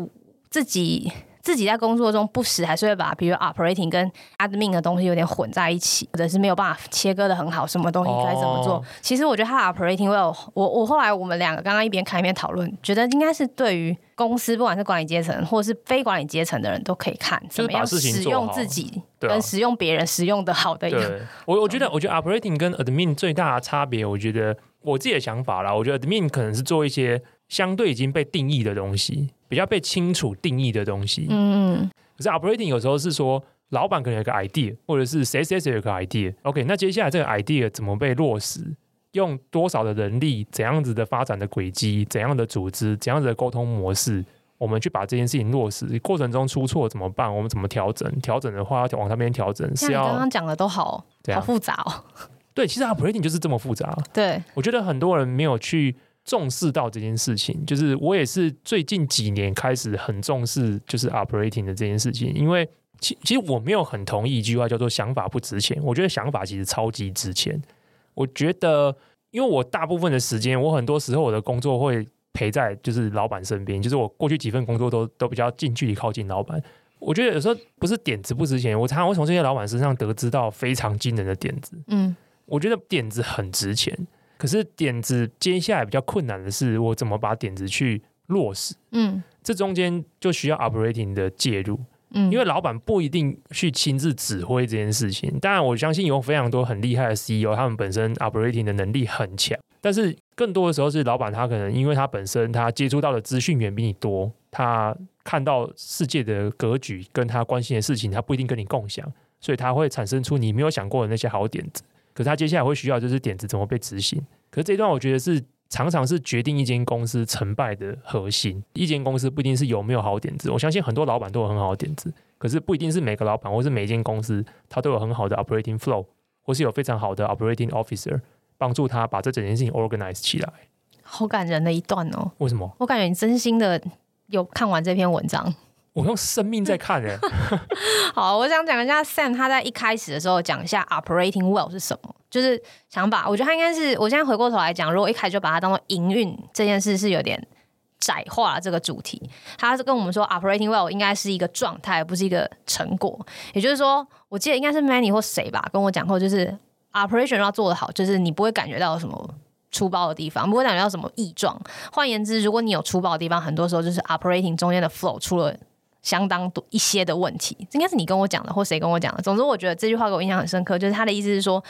[SPEAKER 2] 自己。自己在工作中不時還是會把，比如 operating 跟 admin 的東西有點混在一起，或者是沒有辦法切割的很好，什麼東西該怎麼做？哦、其實我覺得他 operating well，我我我後來我們兩個剛剛一邊看一邊討論，覺得應該是對於公司不管是管理階層或是非管理階層的人都可以看，怎麼樣使用自己跟使用對、啊對啊，對，使用別人使用的好的一
[SPEAKER 1] 個。我我覺得， <laughs> 我覺得 operating 跟 admin 最大的差別，我覺得我自己的想法啦，我覺得 admin 可能是做一些相對已經被定義的東西。比較被清楚定義的東西，嗯嗯。可是 operating 有時候是說，老闆可能有個 idea，或者是誰誰誰有個 idea。OK，那接下來這個 idea 怎麼被落實？用多少的人力？怎樣子的發展的軌跡？怎樣的組織？怎樣的溝通模式？我們去把這件事情落實過程中出錯怎麼辦？我們怎麼調整？調整的話要往上面調整？是要剛剛
[SPEAKER 2] 講的都好樣好複雜哦。
[SPEAKER 1] 對，其實 operating 就是這麼複雜。對，我覺得很多人沒有去。重視到這件事情，就是我也是最近幾年開始很重視，就是 operating 的這件事情。因為其其實我沒有很同意一句話，叫做“想法不值錢”。我覺得想法其實超級值錢。我覺得，因為我大部分的時間，我很多時候我的工作會陪在就是老闆身邊，就是我過去幾份工作都都比較近距離靠近老闆。我覺得有時候不是點子不值錢，我常常會從這些老闆身上得知到非常驚人的點子。嗯，我覺得點子很值錢。可是點子接下來比較困難的是，我怎麼把點子去落實？嗯，這中間就需要 operating 的介入。嗯，因為老闆不一定去親自指揮這件事情。當然，我相信有非常多很厲害的 CEO，他們本身 operating 的能力很強。但是更多的時候是老闆他可能因為他本身他接觸到的資訊遠比你多，他看到世界的格局跟他關心的事情，他不一定跟你共享，所以他會產生出你沒有想過的那些好點子。可是他接下來會需要就是點子怎麼被執行？可是這一段我覺得是常常是決定一間公司成敗的核心。一間公司不一定是有沒有好點子，我相信很多老闆都有很好的點子，可是不一定是每個老闆或是每一間公司他都有很好的 operating flow，或是有非常好的 operating officer 幫助他把這整件事情 organize 起來。
[SPEAKER 2] 好感人的一段哦！為什麼？我感覺你真心的有看完這篇文章。
[SPEAKER 1] 我用生命在看人，
[SPEAKER 2] <laughs> 好、啊，我想講一下 Sam 他在一開始的時候講一下 operating well 是什麼，就是想把我覺得他應該是，我現在回過頭來講，如果一開始就把它當做營運這件事是有點窄化了這個主題。他是跟我們說 operating well 應該是一個狀態，而不是一個成果。也就是說，我記得應該是 Manny 或誰吧，跟我講過，就是 operation 要做得好，就是你不會感覺到有什麼粗暴的地方，不會感覺到什麼異狀。換言之，如果你有粗暴的地方，很多時候就是 operating 中間的 flow 出了，相當多一些的問題，這應該是你跟我講的，或誰跟我講的。總之，我覺得這句話給我印象很深刻，就是他的意思是說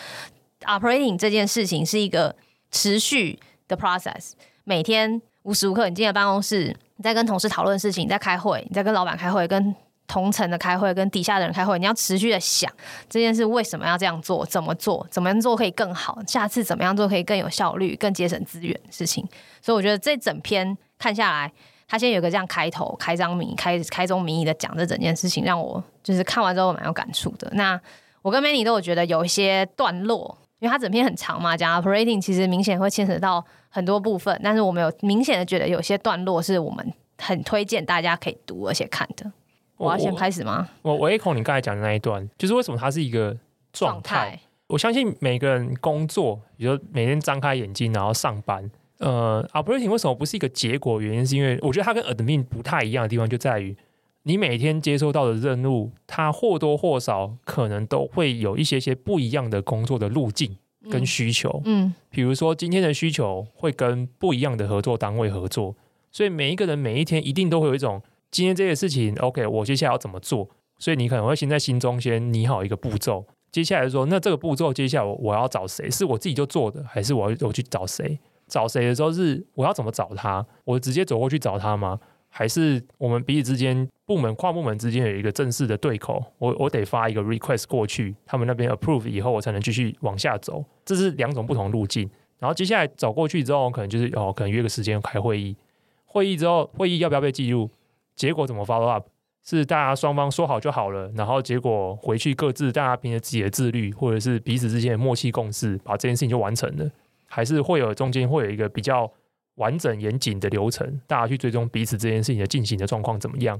[SPEAKER 2] ，operating 這件事情是一個持續的 process。每天無時無刻，你進了辦公室，你在跟同事討論事情，你在開會，你在跟老板開會，跟同層的開會，跟底下的人開會，你要持續的想這件事為什麼要這樣做，怎麼做，怎麼樣做可以更好，下次怎麼樣做可以更有效率、更節省資源的事情。所以，我覺得這整篇看下來。他先有個這樣開頭，開張名，開開宗明義的講這整件事情，讓我就是看完之後蠻有感觸的。那我跟 Manny 都有覺得有一些段落，因為它整篇很長嘛，講 operating 其實明顯會牽扯到很多部分，但是我們有明顯的覺得有些段落是我們很推薦大家可以讀而且看的。我，我，我要先開始嗎？
[SPEAKER 1] 我我 echo 你剛才講的那一段，就是為什麼它是一個狀態？狀態。我相信每個人工作，比如每天張開眼睛然後上班。呃，operating 為什麼不是一個結果？原因是因為我覺得它跟 admin 不太一樣的地方就在於，你每天接收到的任務，它或多或少可能都會有一些些不一樣的工作的路徑跟需求。嗯，嗯，比如說今天的需求會跟不一樣的合作單位合作，所以每一個人每一天一定都會有一種今天這件事情，OK，我接下來要怎麼做？所以你可能會先在心中先擬好一個步驟，接下來說，那這個步驟接下來我我要找誰？是我自己就做的，還是我要我去找誰？找誰的時候是我要怎麼找他？我直接走過去找他嗎？還是我們彼此之間部門跨部門之間有一個正式的對口？我我得發一個 request 過去，他們那邊 approve 以後，我才能繼續往下走。這是兩種不同路徑。然後接下來走過去之後，可能就是哦，可能約個時間開會議。會議之後，會議要不要被記錄？結果怎麼 follow up？是大家雙方說好就好了。然後結果回去各自大家憑着自己的自律，或者是彼此之間的默契共事，把這件事情就完成了。還是會有中間會有一個比較完整嚴謹的流程，大家去追蹤彼此這件事情的進行的狀況怎麼樣？然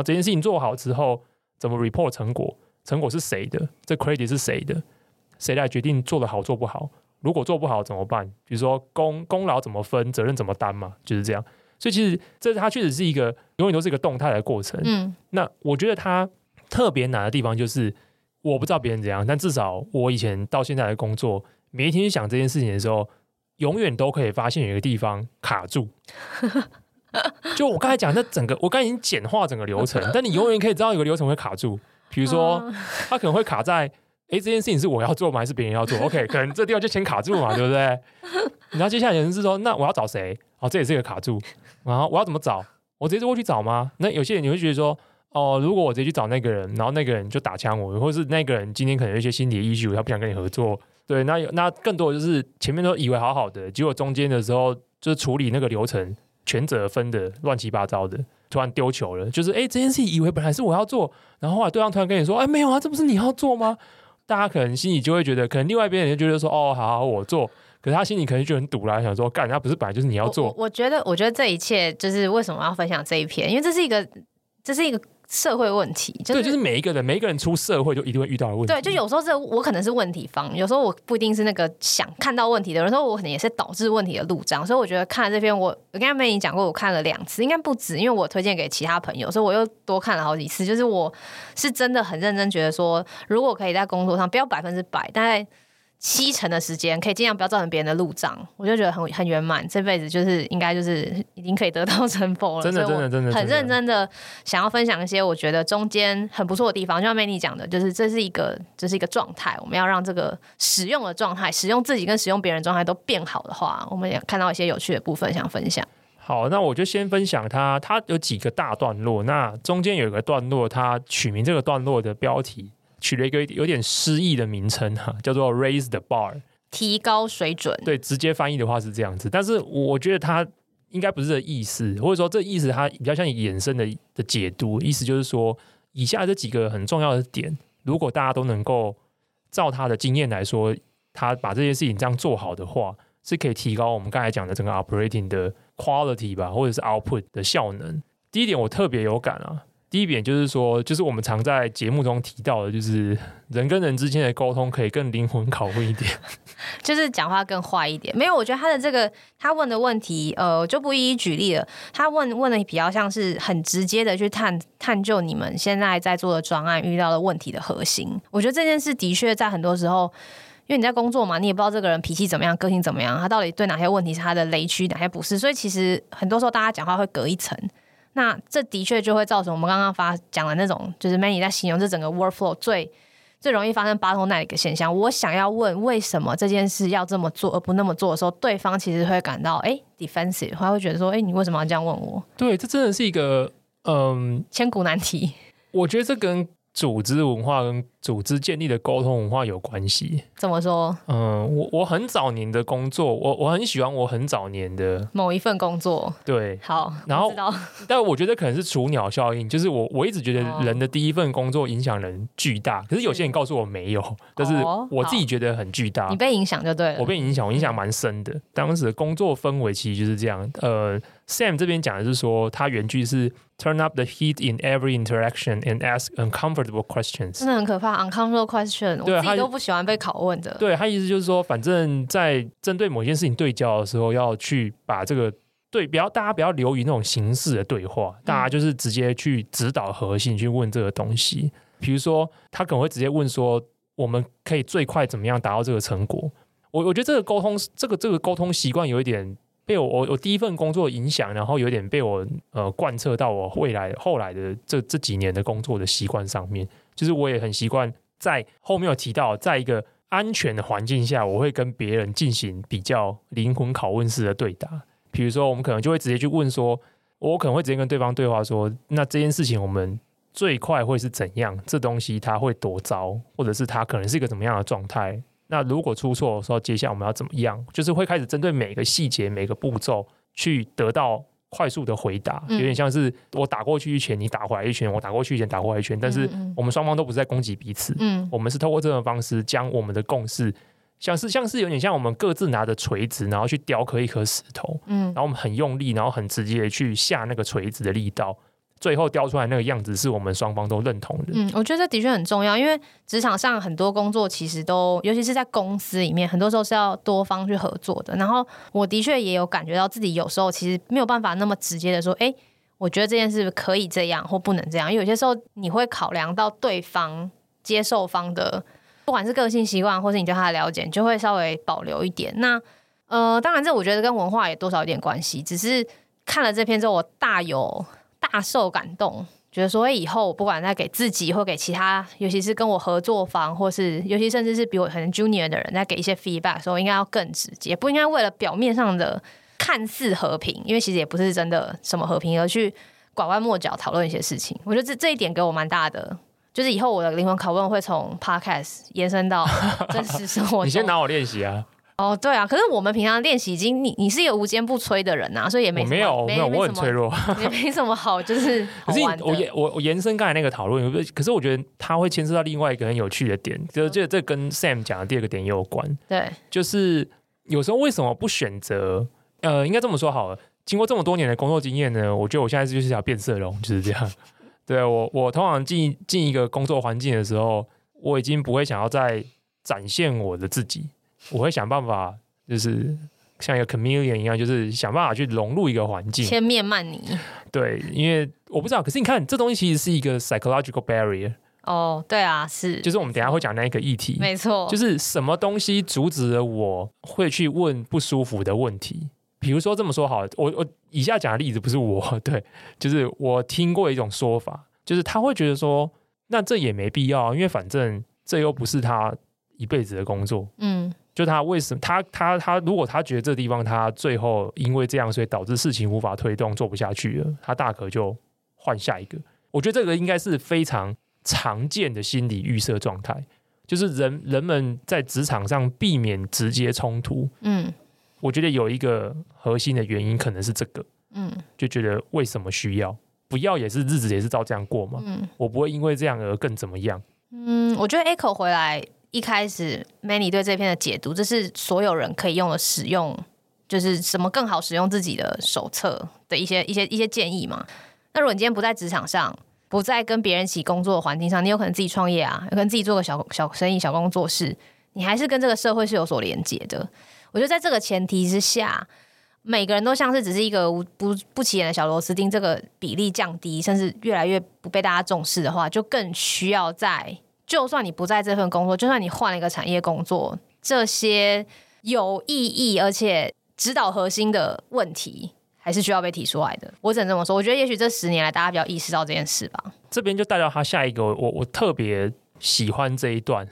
[SPEAKER 1] 後這件事情做好之後，怎麼 report 成果？成果是誰的？這 credit 是誰的？誰來決定做得好做不好？如果做不好怎麼辦？比如說功功勞怎麼分，責任怎麼擔嘛，就是這樣。所以其實這是它確實是一個永遠都是一個動態的過程。嗯，那我覺得它特別難的地方就是我不知道別人怎樣，但至少我以前到現在的工作。每一天去想這件事情的時候，永遠都可以發現有一個地方卡住。就我剛才講那整個，我剛才已經簡化整個流程，但你永遠可以知道有個流程會卡住。比如說，他可能會卡在：哎，這件事情是我要做嗎？還是別人要做？OK，可能這地方就先卡住嘛， <laughs> 對不對？然後接下來有人是說：那我要找誰？哦，這也是一個卡住。然後我要怎麼找？我直接過去找嗎？那有些人你會覺得說：哦、呃，如果我直接去找那個人，然後那個人就打槍我，或者是那個人今天可能有一些心理 issue，他不想跟你合作。對，那有那更多的就是前面都以為好好的，結果中間的時候就是處理那個流程權責分的亂七八糟的，突然丟球了。就是哎，這件事以為本來是我要做，然後後來對方突然跟你說哎沒有啊，這不是你要做嗎？大家可能心裡就會覺得，可能另外一邊人就覺得說哦好，好，好我做，可是他心裡可能就很堵啦，想說幹他不是本來就是你要做我。我
[SPEAKER 2] 覺得，我覺得這一切就是為什麼要分享這一篇，因為這是一個，這是一個，社會問題，
[SPEAKER 1] 就是、對，就是每一個人，每一個人出社會就一定會遇到的問題。對，
[SPEAKER 2] 就有時候是我可能是問題方，有時候我不一定是那個想看到問題的，有時候我可能也是導致問題的路障。所以我覺得看了這篇，我我跟阿美已經講過，我看了兩次，應該不止，因為我推薦給其他朋友，所以我又多看了好幾次。就是我是真的很認真，覺得說如果可以在工作上不要百分之百，大概。七成的時間可以儘量不要造成別人的路障，我就覺得很很圓滿。這輩子就是應該就是已經可以得道成佛了。真的真的真的，很認真的想要分享一些我覺得中間很不錯的地方。真真真就像美妮講的，就是這是一個這是一個狀態，我們要讓這個使用的狀態、使用自己跟使用別人的狀態都變好的話，我們也看到一些有趣的部分想分享。
[SPEAKER 1] 好，那我就先分享它，它有幾個大段落。那中間有一個段落，它取名這個段落的標題。取了一個有點詩意的名稱哈啊，叫做 Raise the Bar，
[SPEAKER 2] 提高水準。
[SPEAKER 1] 對，直接翻譯的話是這樣子，但是我覺得它應該不是這個意思，或者說這意思它比較像衍生的的解讀，意思就是說以下這幾個很重要的點，如果大家都能夠照他的經驗來說，他把這些事情這樣做好的話，是可以提高我們剛才講的整個 Operating 的 Quality 吧，或者是 Output 的效能。第一點我特別有感啊。第一點就是說，就是我們常在節目中提到的，就是人跟人之間的溝通可以更靈魂拷問一點，
[SPEAKER 2] 就是講話更壞一點。沒有，我覺得他的這個他問的問題，呃，就不一一舉例了。他問問的比較像是很直接的去探探究你們現在在做的專案遇到的問題的核心。我覺得這件事的確在很多時候，因為你在工作嘛，你也不知道這個人脾氣怎麼樣，個性怎麼樣，他到底對哪些問題是他的雷區，哪些不是。所以其實很多時候大家講話會隔一層。那這的確就會造成我們剛剛發講的那種，就是 Manny 在形容這整個 workflow 最最容易發生 bottleneck 的一個現象。我想要問為什麼這件事要這麼做而不那麼做的時候，對方其實會感到哎 defensive，他會覺得說哎，你為什麼要這樣問我？
[SPEAKER 1] 對，這真的是一個嗯千古難題。我覺得這跟組織文化跟。組織建立的溝通文化有關係。怎麼說？嗯，我我很早年的工作，我我很喜歡我很早年的
[SPEAKER 2] 某一份工作。對，好，然
[SPEAKER 1] 後，我但我覺得可能是雛鳥效應，就是我我一直覺得人的第一份工作影響人巨大，可是有些人告訴我沒有，是但是我自己覺得很巨大，oh, 巨大你被影響就對，我被影響，我影響蠻深的。嗯，當時的工作氛圍其實就是這樣。呃，Sam 這邊講的是說，他原句是 “turn up the heat in every interaction and ask uncomfortable questions”，
[SPEAKER 2] 真的很可怕。Uncomfortable question，對我自己都不喜歡被拷問的。他
[SPEAKER 1] 對他意思就是說，反正在針對某件事情對焦的時候，要去把這個對不要大家不要流於那種形式的對話，嗯、大家就是直接去指導核心去問這個東西。比如說，他可能會直接問說：“我們可以最快怎麼樣達到這個成果？”我我覺得這個溝通，這個這個溝通習慣有一點被我我我第一份工作影響，然後有一點被我呃貫徹到我未來後來的這這幾年的工作的習慣上面。就是我也很習慣在後面有提到，在一個安全的環境下，我會跟別人進行比較靈魂拷問式的對答。比如說，我們可能就會直接去問說，我可能會直接跟對方對話說，那這件事情我們最快會是怎樣？這東西它會多糟，或者是它可能是一個怎麼樣的狀態？那如果出錯說，接下來我們要怎麼樣？就是會開始針對每個細節、每個步驟去得到。快速的回答，有點像是我打過去一拳，你打回來一拳；嗯、我打過去一拳，打回來一拳。但是我們雙方都不是在攻擊彼此，嗯嗯、我們是透過這種方式將我們的共識，像是像是有點像我們各自拿着錘子，然後去雕刻一顆石頭，嗯、然後我們很用力，然後很直接去下那個錘子的力道。最後雕出來那個樣子是我們雙方都認同的。嗯，
[SPEAKER 2] 我覺得這的確很重要，因為職場上很多工作其實都，尤其是在公司裡面，很多時候是要多方去合作的。然後我的確也有感覺到自己有時候其實沒有辦法那麼直接的說，哎、欸，我覺得這件事可以這樣或不能這樣，因為有些時候你會考量到對方接受方的，不管是個性習慣或是你對他的了解，你就會稍微保留一點。那呃，當然這我覺得跟文化也多少有點關係。只是看了這篇之後，我大有。大受感動，覺得說以後我不管在給自己或給其他，尤其是跟我合作方，或是尤其甚至是比我很 junior 的人在給一些 feedback 時候，應該要更直接，也不應該為了表面上的看似和平，因為其實也不是真的什麼和平，而去拐彎抹角討論一些事情。我覺得這這一點給我蠻大的，就是以後我的靈魂拷問會從 podcast 延伸到真實生活。 <laughs> 你
[SPEAKER 1] 先拿我練習啊。
[SPEAKER 2] 哦，oh, 對啊，可是我們平常練習已經，你你是一個無堅不摧的人吶、啊，所以也沒什麼沒有沒有沒我很脆弱，也沒，沒， <laughs> 沒什麼好就是
[SPEAKER 1] 好。可是我我，我延伸剛才那個討論，可是我覺得他會牽涉到另外一個很有趣的點，嗯、就這這跟 Sam 講的第二個點也有關。對，就是有時候為什麼不選擇？呃，應該這麼說好了，經過這麼多年的工作經驗呢，我覺得我現在就是條變色龍，就是這樣。 <laughs> 對我我通常進進一個工作環境的時候，我已經不會想要再展現我的自己。我會想辦法，就是像一個 chameleon 一樣，就是想辦法去融入一個環境。千面曼尼，對，因為我不知道。可是你看，這東西其實是一個 psychological barrier。
[SPEAKER 2] 哦，對啊，是，
[SPEAKER 1] 就是我們等一下會講那個議題，沒錯，就是什麼東西阻止了我會去問不舒服的問題。比如說這麼說好，我我以下講的例子不是我，對，就是我聽過一種說法，就是他會覺得說，那這也沒必要，因為反正這又不是他一輩子的工作，嗯。就他為什麼他他他如果他覺得這個地方他最後因為這樣，所以導致事情無法推動，做不下去了，他大可就換下一個。我覺得這個應該是非常常見的心理預設狀態，就是人人們在職場上避免直接衝突。嗯，我覺得有一個核心的原因可能是這個。嗯，就覺得為什麼需要，不要也是日子也是照這樣過嘛。嗯，我不會因為這樣而更怎麼樣。
[SPEAKER 2] 嗯，我覺得 Echo 回來。一開始，Manny 對這篇的解讀，這是所有人可以用的使用，就是什麼更好使用自己的手冊的一些一些一些建議嘛。那如果你今天不在職場上，不在跟別人一起工作的環境上，你有可能自己創業啊，有可能自己做個小小生意、小工作室，你還是跟這個社會是有所連接的。我覺得在這個前提之下，每個人都像是只是一個不不起眼的小螺絲釘，這個比例降低，甚至越來越不被大家重視的話，就更需要在。就算你不在這份工作，就算你換了一個產業工作，這些有意義而且指導核心的問題還是需要被提出來的。我只能這麼說，我覺得也許這十年來大家比較意識到這件事吧。
[SPEAKER 1] 這邊就帶到他下一個，我我特別喜歡這一段，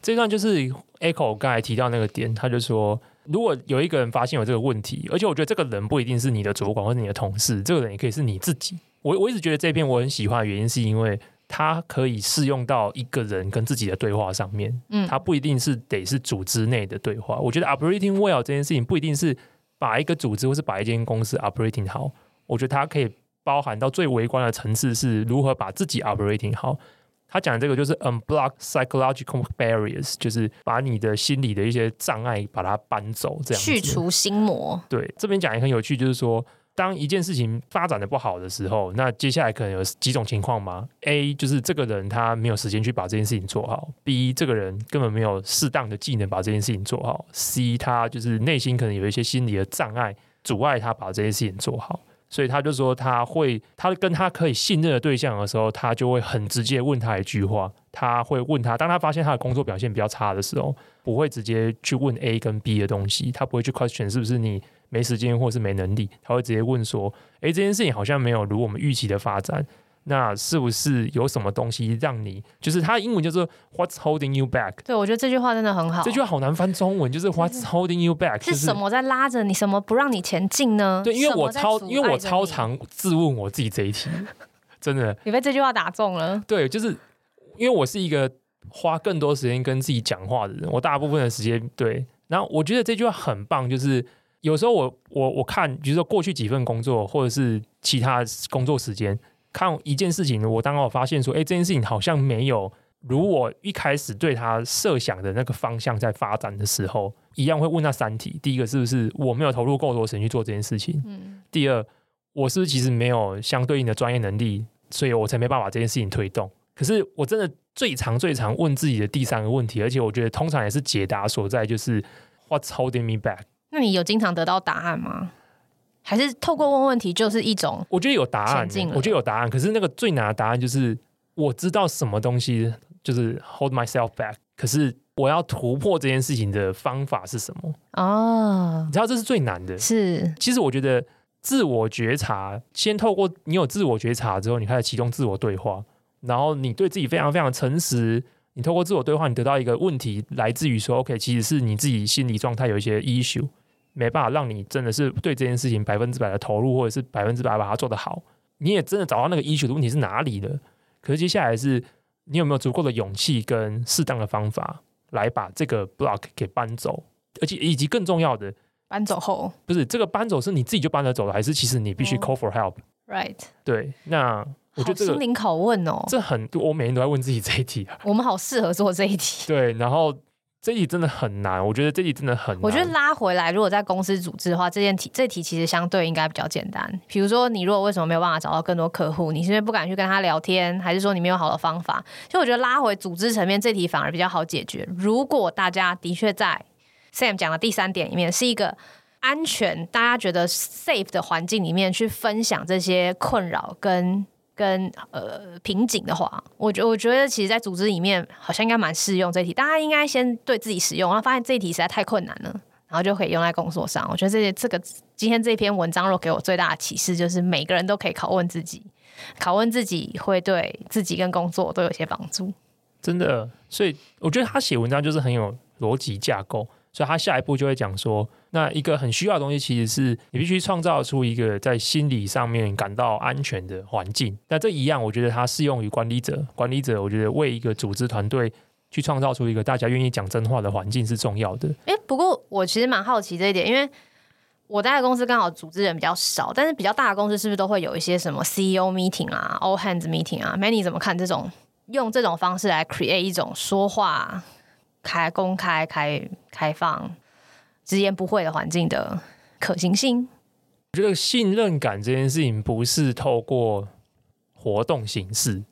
[SPEAKER 1] 這一段就是 Echo 剛才提到那個點，他就說如果有一個人發現有這個問題，而且我覺得這個人不一定是你的主管或者你的同事，這個人也可以是你自己。我我一直覺得這篇我很喜歡，原因是因為。它可以適用到一個人跟自己的對話上面，嗯，它不一定是得是組織內的對話。我覺得 operating well 這件事情不一定是把一個組織或是把一間公司 operating 好，我覺得它可以包含到最微觀的層次，是如何把自己 operating 好。他講的這個就是 unblock psychological barriers，就是把你的心理的一些障礙把它搬走，這樣去除心魔。對，這邊講也很有趣，就是說。當一件事情發展得不好的時候，那接下來可能有幾種情況嗎？A 就是這個人他沒有時間去把這件事情做好；B 這個人根本沒有適當的技能把這件事情做好；C 他就是內心可能有一些心理的障礙，阻礙他把這件事情做好。所以他就說他會，他跟他可以信任的對象的時候，他就會很直接問他一句話，他會問他，當他發現他的工作表現比較差的時候，不會直接去問 A 跟 B 的東西，他不會去 question 是不是你。沒時間，或是沒能力，他會直接問說：“誒，這件事情好像沒有如我們預期的發展，那是不是有什麼東西讓你……”就是他英文叫做 “What's holding you back？”
[SPEAKER 2] 對，我覺得這句話真的很好。這句話
[SPEAKER 1] 好難翻中文，就是 “What's holding you back？” 是什麼
[SPEAKER 2] 在拉着你，什麼不讓你前進呢？對，因為我超，因為我超
[SPEAKER 1] 常自問我自己這一題，真的。 <laughs>
[SPEAKER 2] 你被這句話打中了。
[SPEAKER 1] 對，就是因為我是一個花更多時間跟自己講話的人，我大部分的時間。對。然後我覺得這句話很棒，就是。有時候我我我看，比如說過去幾份工作，或者是其他工作時間，看一件事情，我當我發現說，哎，這件事情好像沒有，如果一開始對他設想的那個方向在發展的時候，一樣會問他三題，第一個是不是我沒有投入夠多時間去做這件事情？嗯。第二，我是不是其實沒有相對應的專業能力，所以我才沒辦法把這件事情推動？可是我真的最常最常問自己的第三個問題，而且我覺得通常也是解答所在，就是 What's holding me back？
[SPEAKER 2] 你有經常得到答案嗎？還是透過問問問題，就是一種？
[SPEAKER 1] 我覺得有答案，我覺得有答案。可是那個最難的答案就是，我知道什麼東西就是 hold myself back，可是我要突破這件事情的方法是什麼？哦，oh, 你知道這是最難的。是，其實我覺得自我覺察，先透過你有自我覺察之後，你開始啟動自我對話，然後你對自己非常非常誠實。你透過自我對話，你得到一個問題來自於說：OK，其實是你自己心理狀態有一些 issue。沒辦法讓你真的是對這件事情百分之百的投入，或者是百分之百把它做得好，你也真的找到那個 issue 的問題是哪裡的？可是接下來是你有沒有足夠的勇氣跟適當的方法來把這個 block 給搬走，而且以及更重要的，
[SPEAKER 2] 搬走後
[SPEAKER 1] 不是這個搬走是你自己就搬得走了，還是其實你必須 call for
[SPEAKER 2] help？Right，
[SPEAKER 1] 對，那我覺得這個心靈拷問哦，這很多我每天都在問自己這一題。
[SPEAKER 2] 我們好適合做這
[SPEAKER 1] 一題。對，然後。這一題真的很難，我覺得這一題真的很難。我覺
[SPEAKER 2] 得拉回來，如果在公司組織的話，這件題這題其實相對應該比較簡單。比如說，你如果為什麼沒有辦法找到更多客戶，你是不是不敢去跟他聊天，還是說你沒有好的方法？所以我覺得拉回組織層面，這題反而比較好解決。如果大家的確在 Sam 講的第三點裡面，是一個安全，大家覺得 safe 的環境裡面去分享這些困擾跟。跟呃瓶頸的話，我覺得我覺得其實，在組織裡面好像應該蠻適用這題。大家應該先對自己使用，然後發現這一題實在太困難了，然後就可以用在工作上。我覺得這這個今天這篇文章，如果給我最大的啟示，就是每個人都可以拷問自己，拷問自己，會對自己跟工作都有些幫助。
[SPEAKER 1] 真的，所以我覺得他寫文章就是很有邏輯架構。所以他下一步就會講說，那一個很需要的東西，其實是你必須創造出一個在心理上面感到安全的環境。那這一樣，我覺得它適用於管理者。管理者，我覺得為一個組織團隊去創造出一個大家願意講真話的環境是重要的。
[SPEAKER 2] 哎、欸，不過我其實蠻好奇這一點，因為我待的公司剛好組織人比較少，但是比較大的公司是不是都會有一些什麼 CEO meeting 啊、All Hands meeting 啊？Manny 怎麼看這種用這種方式來 create 一種說話、啊？開公開開開放、直言不諱的環境的可行性。
[SPEAKER 1] 我覺得信任感這件事情不是透過活動形式，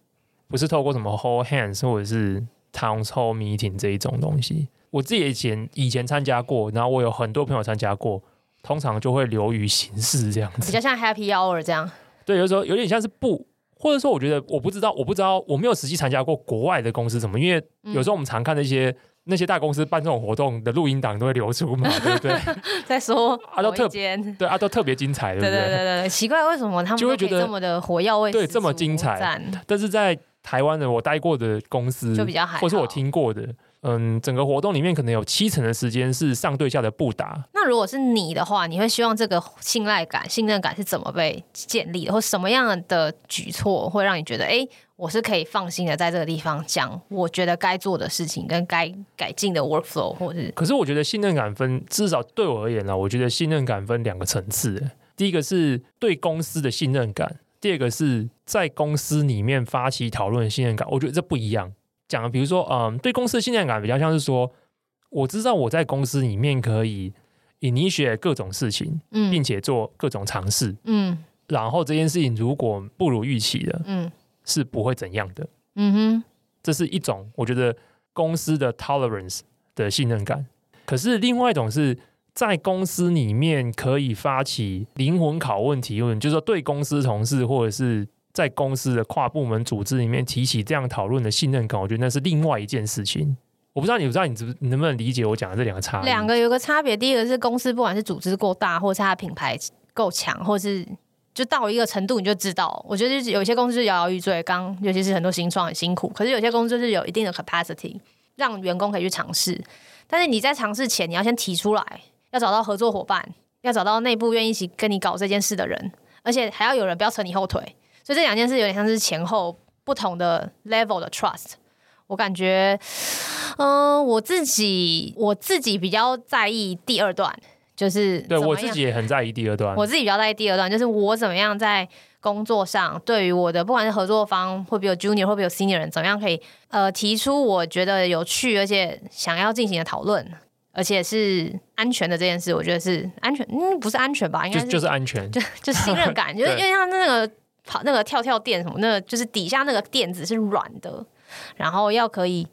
[SPEAKER 1] 不是透過什麼 whole hands 或者是 town hall meeting 這一種東西。我自己以前以前參加過，然後我有很多朋友參加過，通常就會流於形式這樣子，
[SPEAKER 2] 比較像 happy hour 這樣。
[SPEAKER 1] 對，有時候有點像是不，或者說我覺得我不知道，我不知道，我沒有實際參加過國外的公司什麼，因為有時候我們常看那些。嗯那些大公司辦這種活動的錄音檔都會流出嘛？對不對？
[SPEAKER 2] <laughs> 再說阿、
[SPEAKER 1] 啊、都特別 <laughs> 對阿、啊、都特別精彩，對不對，對，對，
[SPEAKER 2] 對？對對 <laughs> 奇怪，為什麼他們就會覺得這麼的火藥味？對，
[SPEAKER 1] 這麼精彩。讚但是在台灣的我待過的公司，就比較還好，或是我聽過的，嗯，整個活動裡面可能有七成的時間是上對下的布達。
[SPEAKER 2] 那如果是你的話，你會希望這個信賴感、信任感是怎麼被建立，或什麼樣的舉措會讓你覺得哎？誒我是可以放心的，在這個地方講，我覺得該做的事情跟該改進的 workflow，或者是……
[SPEAKER 1] 可是我覺得信任感分，至少對我而言呢、啊，我覺得信任感分兩個層次。第一個是對公司的信任感，第二個是在公司裡面發起討論的信任感。我覺得這不一樣。講的比如說，嗯，對公司的信任感比較像是說，我知道我在公司裡面可以 initiate 各種事情，並且做各種嘗試，嗯，然後這件事情如果不如預期的，嗯。是不會怎樣的，嗯哼，這是一種我覺得公司的 tolerance 的信任感。可是另外一種是在公司裡面可以發起靈魂拷問提問，就是說對公司同事或者是在公司的跨部門組織裡面提起這樣討論的信任感，我覺得那是另外一件事情。我不知道你不知道你能不能理解我講的這兩個差別。兩
[SPEAKER 2] 個有個差別，第一個是公司不管是組織夠大，或是它的品牌夠強，或是。就到一個程度，你就知道。我覺得就是有些公司是搖搖欲墜，剛尤其是很多新創很辛苦。可是有些公司就是有一定的 capacity，讓員工可以去嘗試。但是你在嘗試前，你要先提出來，要找到合作夥伴，要找到內部願意一起跟你搞這件事的人，而且還要有人不要扯你後腿。所以這兩件事有點像是前後不同的 level 的 trust。我感覺，嗯、呃，我自己我自己比較在意第二段。就是對我自己也
[SPEAKER 1] 很在意第二段，我自
[SPEAKER 2] 己比較在意第二段，就是我怎麼樣在工作上，對於我的不管是合作方會不會有 junior，會不會有 senior，人怎麼樣可以呃提出我覺得有趣而且想要進行的討論，而且是安全的這件事，我覺得是安全，嗯，不是安全吧？應該是就，就是安全，就就信任感， <laughs> 對就是因為像那個跑那個跳跳墊什麼，那個就是底下那個墊子是軟的，然後要可以。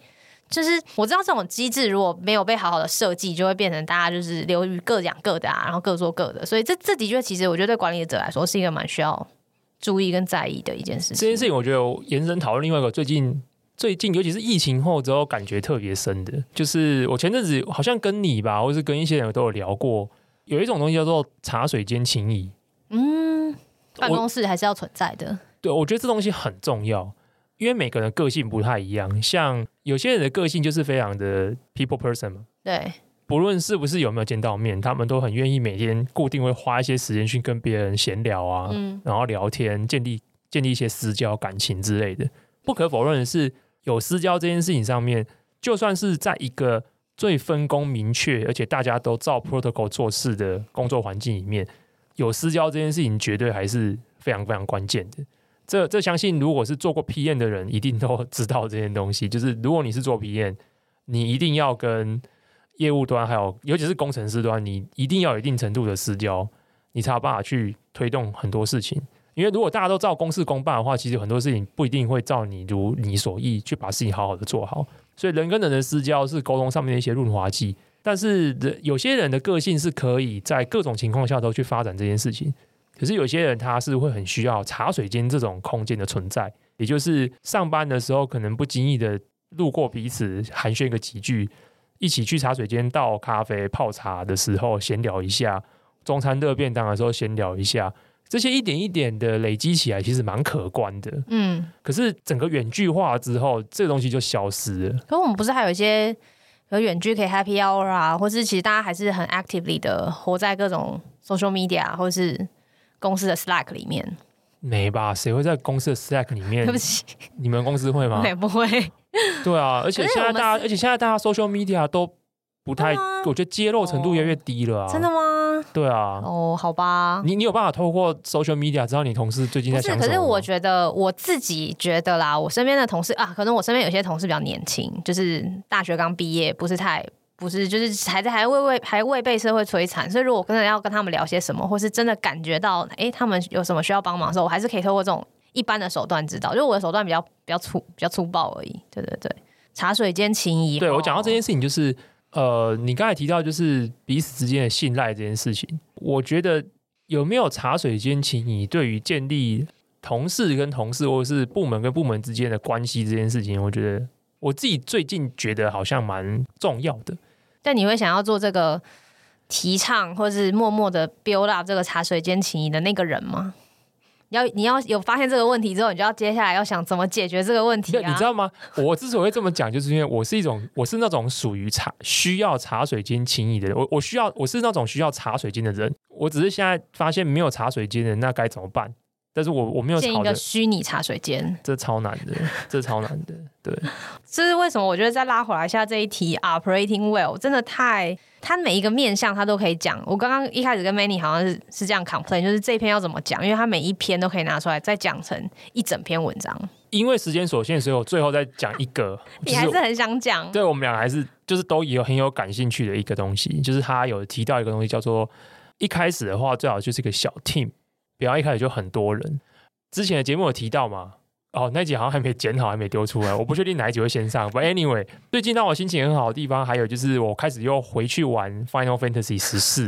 [SPEAKER 2] 就是我知道這種機制，如果沒有被好好的設計，就會變成大家就是流於各講各的啊，然後各做各的。所以這這的確，其實我覺得對管理者來說是一個蠻需要注意跟在意的一件
[SPEAKER 1] 事情。這件事情我覺得我延伸討論另外一個，最近最近尤其是疫情後之後，感覺特別深的就是，我前陣子好像跟你吧，或是跟一些人都有聊過，有一種東西叫做茶水間情誼。
[SPEAKER 2] 嗯，辦公室我還是要存在的。
[SPEAKER 1] 對，我覺得這東西很重要。因為每個人個性不太一樣，像有些人的個性就是非常的 people person 嘛，對，不論是不是有沒有見到面，他們都很願意每天固定會花一些時間去跟別人閒聊啊，嗯，然後聊天，建立建立一些私交感情之類的。不可否認的是，有私交這件事情上面，就算是在一個最分工明確，而且大家都照 protocol 做事的工作環境裡面，有私交這件事情絕對還是非常非常關鍵的。這這相信，如果是做過 PM 的人，一定都知道這件東西。就是如果你是做 PM，你一定要跟業務端還有尤其是工程師端，你一定要有一定程度的私交，你才有辦法去推動很多事情。因為如果大家都照公事公辦的話，其實很多事情不一定會照你如你所意去把事情好好的做好。所以人跟人的私交是溝通上面的一些潤滑劑。但是有些人的個性是可以在各種情況下都去發展這件事情。可是有些人他是會很需要茶水間這種空間的存在，也就是上班的時候可能不經意的路過彼此寒暄個幾句，一起去茶水間倒咖啡泡茶的時候閒聊一下，中餐熱便當的時候閒聊一下，這些一點一點的累積起來，其實蠻可觀的。嗯，可是整個遠距化之後，這個東西就消失了。
[SPEAKER 2] 嗯。可是我們不是還有一些有遠距可以 Happy Hour 啊，或是其實大家還是很 actively 的活在各種 social media 啊，或是。公司的 Slack 裡面。
[SPEAKER 1] 沒吧？誰會在公司的 Slack 裡面？對不起，你們公司會嗎？沒不會。對啊，而且現在大家，而且現在大家 social media 都不太，啊、我覺得揭露程度越來越低了、啊。Oh, 啊、真的
[SPEAKER 2] 嗎？對啊。哦，oh, 好吧。你
[SPEAKER 1] 你有辦法透過 social media 知道你同事最近在想什麼？可是我
[SPEAKER 2] 覺得我自己覺得啦，我身邊的同事啊，可能我身邊有些同事比較年輕，就是大學剛畢業，不是太。不是，就是還在，還未未、還未被社會摧殘，所以如果我真的要跟他們聊些什麼，或是真的感覺到哎、欸，他們有什麼需要幫忙的時候，我還是可以透過這種一般的手段知道，就我的手段比較比較粗比較粗暴而已。對對對，茶水間情誼。對，我講到
[SPEAKER 1] 這件事情，就是呃，你剛才提到就是彼此之間的信賴這件事情，我覺得有沒有茶水間情誼，對於建立同事跟同事，或者是部門跟部門之間的關係這件事情，我覺得我自己最近覺得好像蠻重要的。
[SPEAKER 2] 但你會想要做這個提倡，或者是默默的 build up 這個茶水間情誼的那個人嗎？要你要有發現這個問題之後，你就要接下來要想怎麼解決這個問題啊，你知道
[SPEAKER 1] 嗎？ <laughs> 我之所以會這麼講，就是因為我是一種，我是那種屬於茶需要茶水間情誼的人。我我需要，我是那種需要茶水間的人。我只是現在發現沒有茶水間的人，那該怎麼辦？但是我我沒有建一個虛擬茶水間，這超難的， <laughs> 這超難的。對，
[SPEAKER 2] 這是為什麼？我覺得再拉回來一下這一題，Operating Well 真的太，他每一個面向他都可以講。我剛剛一開始跟 Manny 好像是是這樣 complain，就是這一篇要怎麼講，因為他每一篇都可以拿出來再講成一整篇文章。
[SPEAKER 1] 因為時間所限，所以我最後再講一個， <laughs> 你還是很想講、就是。對，我們倆還是就是都有很有感興趣的一個東西，就是他有提到一個東西叫做，一開始的話最好就是一個小 team。不要一開始就很多人。之前的節目有提到嘛？哦，那一集好像還沒剪好，還沒丟出來。我不確定哪一集會先上。 <laughs> But anyway, 最近讓我心情很好的地方，還有就是我開始又回去玩《Final Fantasy 十四》，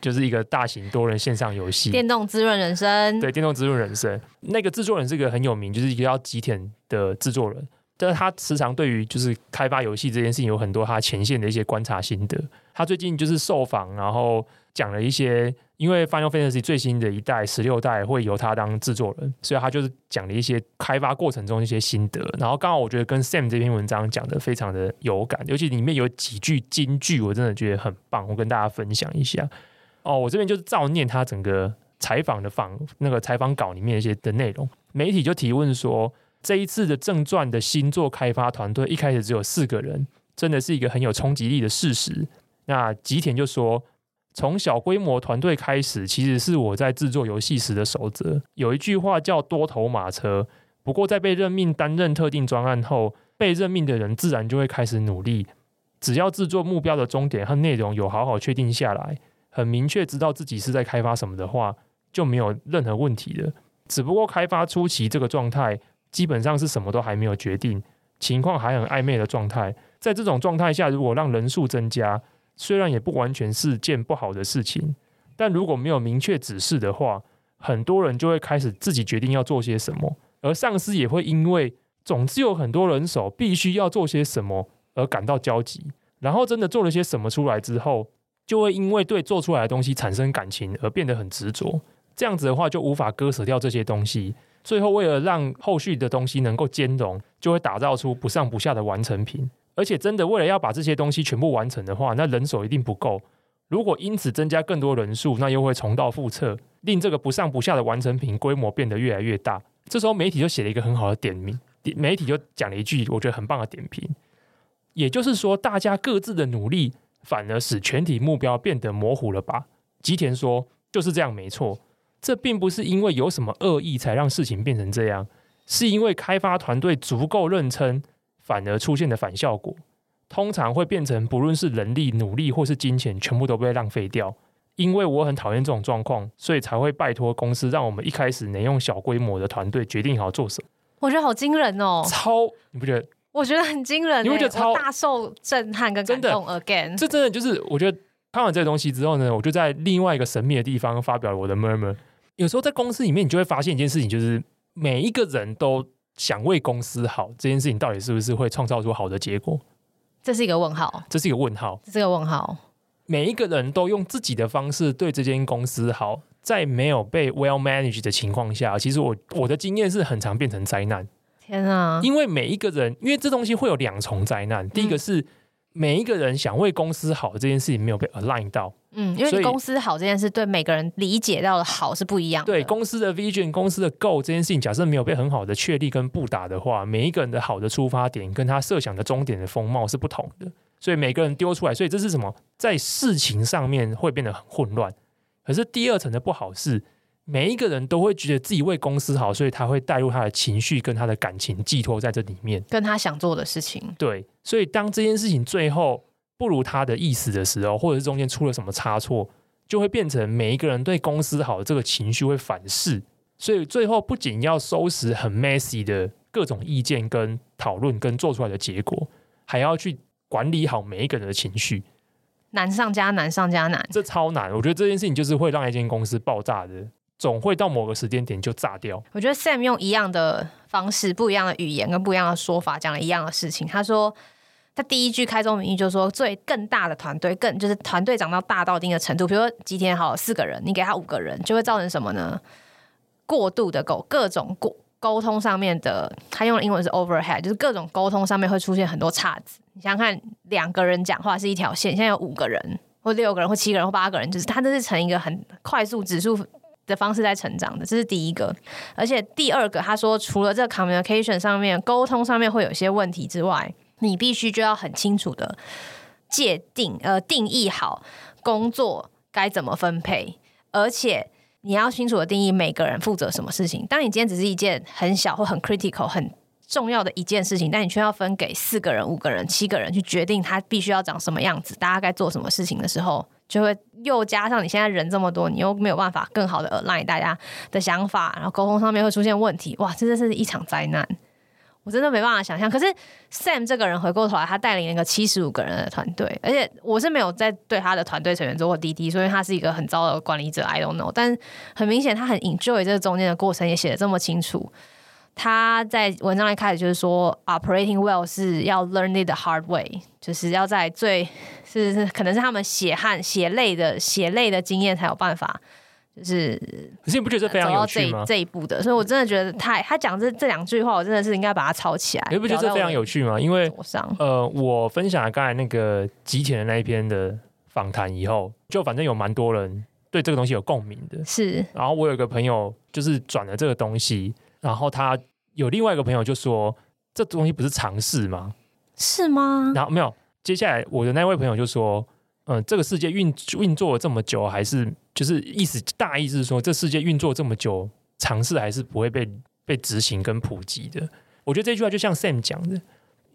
[SPEAKER 1] 就是一個大型多人線上遊戲。電
[SPEAKER 2] 動滋潤人生。對，
[SPEAKER 1] 電動滋潤人生。那個制作人是一個很有名，就是一個叫吉田的制作人，但是他時常對於就是開發遊戲這件事情有很多他前線的一些觀察心得。他最近就是受訪，然後講了一些。因為 Final Fantasy 最新的一代十六代會由他當製作人，所以他就是講了一些開發過程中的一些心得。然後剛好我覺得跟 Sam 這篇文章講的非常的有感，尤其裡面有幾句金句，我真的覺得很棒，我跟大家分享一下。哦，我這邊就是照念他整個採訪的訪那個採訪稿裡面一些的內容。媒體就提問說，這一次的正傳的新作開發團隊一開始只有四個人，真的是一個很有衝擊力的事實。那吉田就說。從小規模團隊開始，其實是我在制作遊戲時的守則。有一句話叫“多頭馬車”，不過在被任命擔任特定專案後，被任命的人自然就會開始努力。只要制作目標的終點和內容有好好確定下來，很明確知道自己是在開發什麼的話，就沒有任何問題了。只不過開發初期這個狀態，基本上是什麼都還沒有決定，情況還很曖昧的狀態。在這種狀態下，如果讓人數增加，雖然也不完全是件不好的事情，但如果沒有明確指示的話，很多人就會開始自己決定要做些什麼，而上司也會因為總之有很多人手，必須要做些什麼而感到焦急。然後真的做了些什麼出來之後，就會因為對做出來的東西產生感情而變得很執着。這樣子的話，就無法割捨掉這些東西。最後為了讓後續的東西能夠兼容，就會打造出不上不下的完成品。而且真的為了要把這些東西全部完成的話，那人手一定不夠。如果因此增加更多人數，那又會重蹈覆轍，令這個不上不下的完成品規模變得越來越大。這時候媒體就寫了一個很好的點評，媒體就講了一句我覺得很棒的點評，也就是說，大家各自的努力反而使全體目標變得模糊了吧？吉田說：“就是這樣，沒錯。這並不是因為有什麼惡意才讓事情變成這樣，是因為開發團隊足夠認真反而出現的反效果，通常會變成不論是人力、努力或是金錢，全部都被浪費掉。因為我很討厭這種狀況，所以才會拜託公司，讓我們一開始能用小規模的團隊決定好做什麼。
[SPEAKER 2] 我覺得好驚人哦，
[SPEAKER 1] 超，你不覺得？
[SPEAKER 2] 我覺得很驚人，欸，因為就超大受震撼跟感動 again。Again，
[SPEAKER 1] 這真的就是我覺得看完這個東西之後呢，我就在另外一個神秘的地方發表了我的 murmur。有時候在公司裡面，你就會發現一件事情，就是每一個人都。想為公司好這件事情，到底是不是會創造出好的結果？
[SPEAKER 2] 這是一個問號，
[SPEAKER 1] 這是一個問號，這是一個問號。每一個人都用自己的方式對這間公司好，在沒有被 well managed 的情況下，其實我我的經驗是很常變成災難。
[SPEAKER 2] 天啊哪！
[SPEAKER 1] 因為每一個人，因為這東西會有兩重災難。第一個是。嗯每一個人想為公司好這件事情沒有被 align 到，嗯，
[SPEAKER 2] 因為公司好這件事對每個人理解到的好是不一樣。
[SPEAKER 1] 對公司的 vision、公司的 goal 這件事情，假設沒有被很好的確立跟布達的話，每一個人的好的出發點跟他設想的終點的風貌是不同的，所以每個人丟出來，所以這是什麼？在事情上面會變得很混亂。可是第二層的不好是，每一個人都會覺得自己為公司好，所以他會帶入他的情緒跟他的感情寄托在這裡面，
[SPEAKER 2] 跟他想做的事情。
[SPEAKER 1] 對，所以當這件事情最後不如他的意思的時候，或者是中間出了什麼差錯，就會變成每一個人對公司好的這個情緒會反噬。所以最後不僅要收拾很 messy 的各種意見跟討論跟做出來的結果，還要去管理好每一個人的情緒，難上加難，上加難。這超難，我覺得這件事情就是會讓一間公司爆炸的。總會到某個時間點就炸掉。
[SPEAKER 2] 我覺得 Sam 用一樣的方式，不一樣的語言跟不一樣的說法講了一樣的事情。他說，他第一句開宗明義就是說，最更大的團隊，更就是團隊長到大到一定的程度，比如說今天好四個人，你給他五個人，就會造成什麼呢？過度的溝，各種溝溝通上面的，他用的英文是 overhead，就是各種溝通上面會出現很多岔子。你想想看兩個人講話是一條線，現在有五個人或六個人或七個人或八個人，就是他這是成一個很快速指數的方式在成長的，這是第一個。而且第二個，他說除了這個 communication 上面溝通上面會有些問題之外，你必須就要很清楚的界定呃、定義好工作該怎麼分配，而且你要清楚的定義每個人負責什麼事情。當你今天只是一件很小或很 critical 很重要的一件事情，但你卻要分給四個人、五個人、七個人去決定他必須要長什麼樣子，大家該做什麼事情的時候，就會又加上你現在人這麼多，你又沒有辦法更好的 align 大家的想法，然後溝通上面會出現問題，哇，這真的是一場災難，我真的沒辦法想象。可是 Sam 這個人回過頭來，他帶領一個七十五個人的團隊，而且我是沒有在對他的團隊成員做過滴滴，所以他是一個很糟的管理者，I don't know。但很明顯，他很 enjoy 這個中間的過程，也寫的這麼清楚。他在文章一開始就是說，Operating well 是要 learn it the hard way，就是要在最是是可能是他們血汗、血淚的血淚的經驗才有辦法，
[SPEAKER 1] 就是可是你不覺得這非常有趣嗎這？這一
[SPEAKER 2] 步的，所以我真的覺得太他講這這兩句話，我真的是應該把它抄起來。你不覺得這非常
[SPEAKER 1] 有趣嗎？因為上呃，我分享了剛才那個吉田的那一篇的訪談以後，就反正有蠻多人對這個東西有共鳴的。是，然後我有一個朋友就是轉了這個東西。然後他有另外一個朋友就說：“這東西不是嘗試嗎？
[SPEAKER 2] 是嗎？”
[SPEAKER 1] 然後沒有。接下來我的那位朋友就說：“嗯，這個世界運運作了這麼久，還是就是意思大意是說，這世界運作這麼久，嘗試還是不會被被執行跟普及的。我覺得這句話就像 Sam 講的，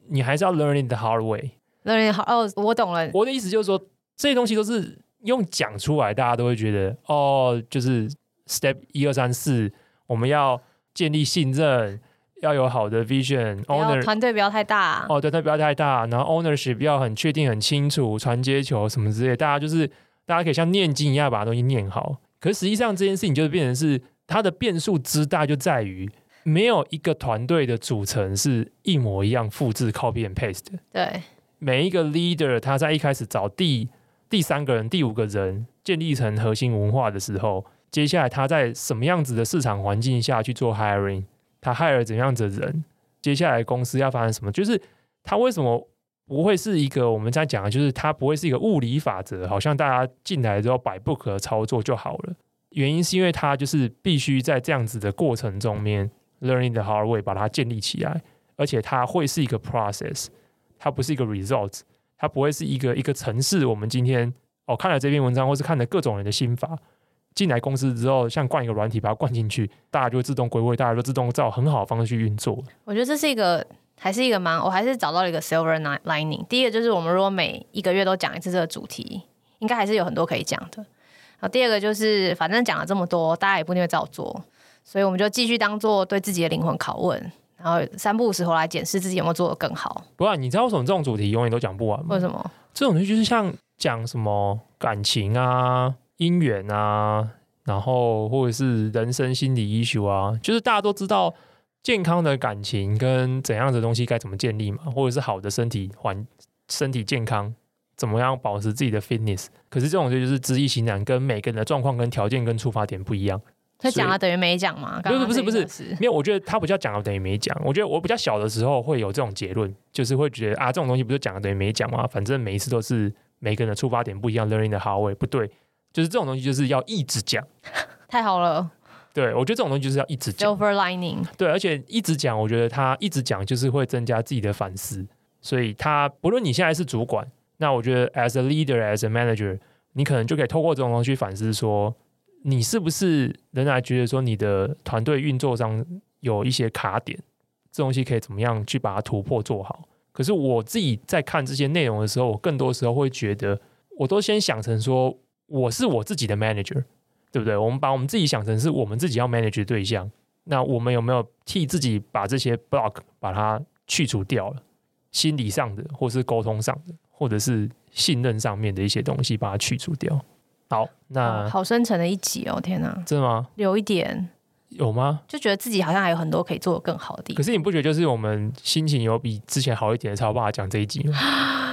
[SPEAKER 1] 你還是要 learning the hard way。learning how 哦，我懂了。我的意思就是說，這些東西都是用講出來，大家都會覺得，哦，就是 step 一二三四，我們要。”建立信任，要有好的 vision、哎呦。owners 團
[SPEAKER 2] 隊不要太大、
[SPEAKER 1] 啊、哦，對，團隊不要太大。然後 ownership 要很確定、很清楚，傳接球什麼之類，大家就是大家可以像念經一樣把東西念好。可實際上，這件事情就變成是它的變數之大，就在於沒有一個團隊的組成是一模一樣、複製 copy and paste 的。對，每一個 leader 他在一開始找第第三個人、第五個人建立成核心文化的時候，接下來，他在什麼樣子的市場環境下去做 hiring，他 hire 了怎樣子的人？接下來公司要發生什麼？就是他為什麼不會是一個我們在講的，就是他不會是一個物理法則，好像大家進來之後擺 book 操作就好了。原因是因為他就是必須在這樣子的過程中面 learning the hard way 把它建立起來，而且它會是一個 process，它不是一個 result，它不會是一個一個程式。我們今天哦看了這篇文章，或是看了各種人的心法，進來公司之後，像灌一個軟體，把它灌進去，大家就會自動歸位，大家就自動照很好的方式去運作。
[SPEAKER 2] 我覺得這是一個，還是一個蠻，我還是找到了一個 silver lining。第一個就是我們如果每一個月都講一次這個主題，應該還是有很多可以講的。然後第二個就是，反正講了這麼多，大家也不一定會照做，所以我們就繼續當做對自己的靈魂拷問，然後三不五時回來檢視自己有沒有做得更好。
[SPEAKER 1] 不然你知道為什麼這種主題永遠都講不完嗎？為什麼這種東西就是像講什麼感情啊？姻緣啊，然後或者是人生心理 issue 啊，就是大家都知道健康的感情跟怎樣的東西該怎麼建立嘛，或者是好的身體環、身體健康怎麼樣保持自己的 fitness。可是這種就就是知易行難，跟每個人的狀況跟條件跟出發點不一樣，
[SPEAKER 2] 他講了等於沒講嘛？剛剛不是不是不
[SPEAKER 1] 是，沒有。我覺得他不叫講了等於沒講。 <laughs> 我覺得我比較小的時候會有這種結論，就是會覺得啊，這種東西不就講了等於沒講嘛，反正每一次都是每個人的出發點不一樣，learning the hard way 不對。就是這種東西就是要一直講，
[SPEAKER 2] 太好了。
[SPEAKER 1] 對，我覺得這種東西就是要一直
[SPEAKER 2] 講 overlining。Over
[SPEAKER 1] lining 對，而且一直講，我覺得他一直講就是會增加自己的反思。所以他，他不論你現在是主管，那我覺得 as a leader, as a manager，你可能就可以透過這種東西反思說，說你是不是仍然覺得說你的團隊運作上有一些卡點，這種東西可以怎麼樣去把它突破做好。可是我自己在看這些內容的時候，我更多時候會覺得，我都先想成說。我是我自己的 manager，對不對？我們把我們自己想成是我們自己要 manage 的對象，那我們有沒有替自己把這些 block 把它去除掉了？心理上的，或是溝通上的，或者是信任上面的一些東西，把它去除掉。好，那好，好
[SPEAKER 2] 深沉的一集哦，天哪！真的嗎？有一點，
[SPEAKER 1] 有嗎？
[SPEAKER 2] 就覺得自己好像還有很多可以做的更好的
[SPEAKER 1] 地方。可是你不覺得就是我們心情有比之前好一點，才有辦法講這一集嗎？ <coughs>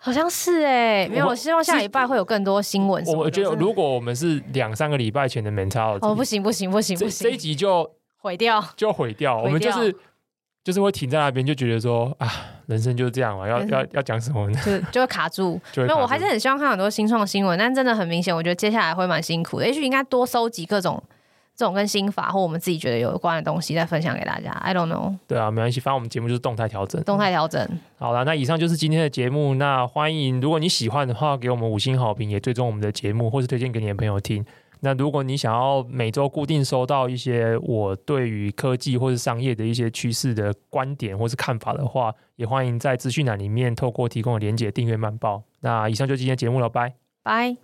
[SPEAKER 2] 好像是誒、欸，我不沒有，我希望下禮拜會有更多新聞我。我覺得如
[SPEAKER 1] 果我們是兩三個禮拜前的 mentality，哦，不行不行不
[SPEAKER 2] 行不行，不行這，這一集就毀，掉就毀掉，
[SPEAKER 1] 就毀掉。我們就是就是會停在那邊，就覺得說啊，人生就是這樣嘛，要是要要講什麼呢？就
[SPEAKER 2] 就會卡住。那 <laughs> 我還是很希望看很多新創新聞，但真的很明顯，我覺得接下來會蠻辛苦的。也許應該多收集各種。這種跟心法或我們自己覺得有關的東西，再分享給大家。I don't know。
[SPEAKER 1] 對啊，沒關係，反正我們節目就是動態調整。動態調整。嗯、好了，那以上就是今天的節目。那歡迎，如果你喜歡的話，給我們五星好評，也追蹤我們的節目，或是推薦給你的朋友聽。那如果你想要每週固定收到一些我對於科技或是商業的一些趨勢的觀點或是看法的話，也歡迎在資訊欄裡面透過提供的連結訂閱曼報。那以上就是今天的節目了，拜
[SPEAKER 2] 拜。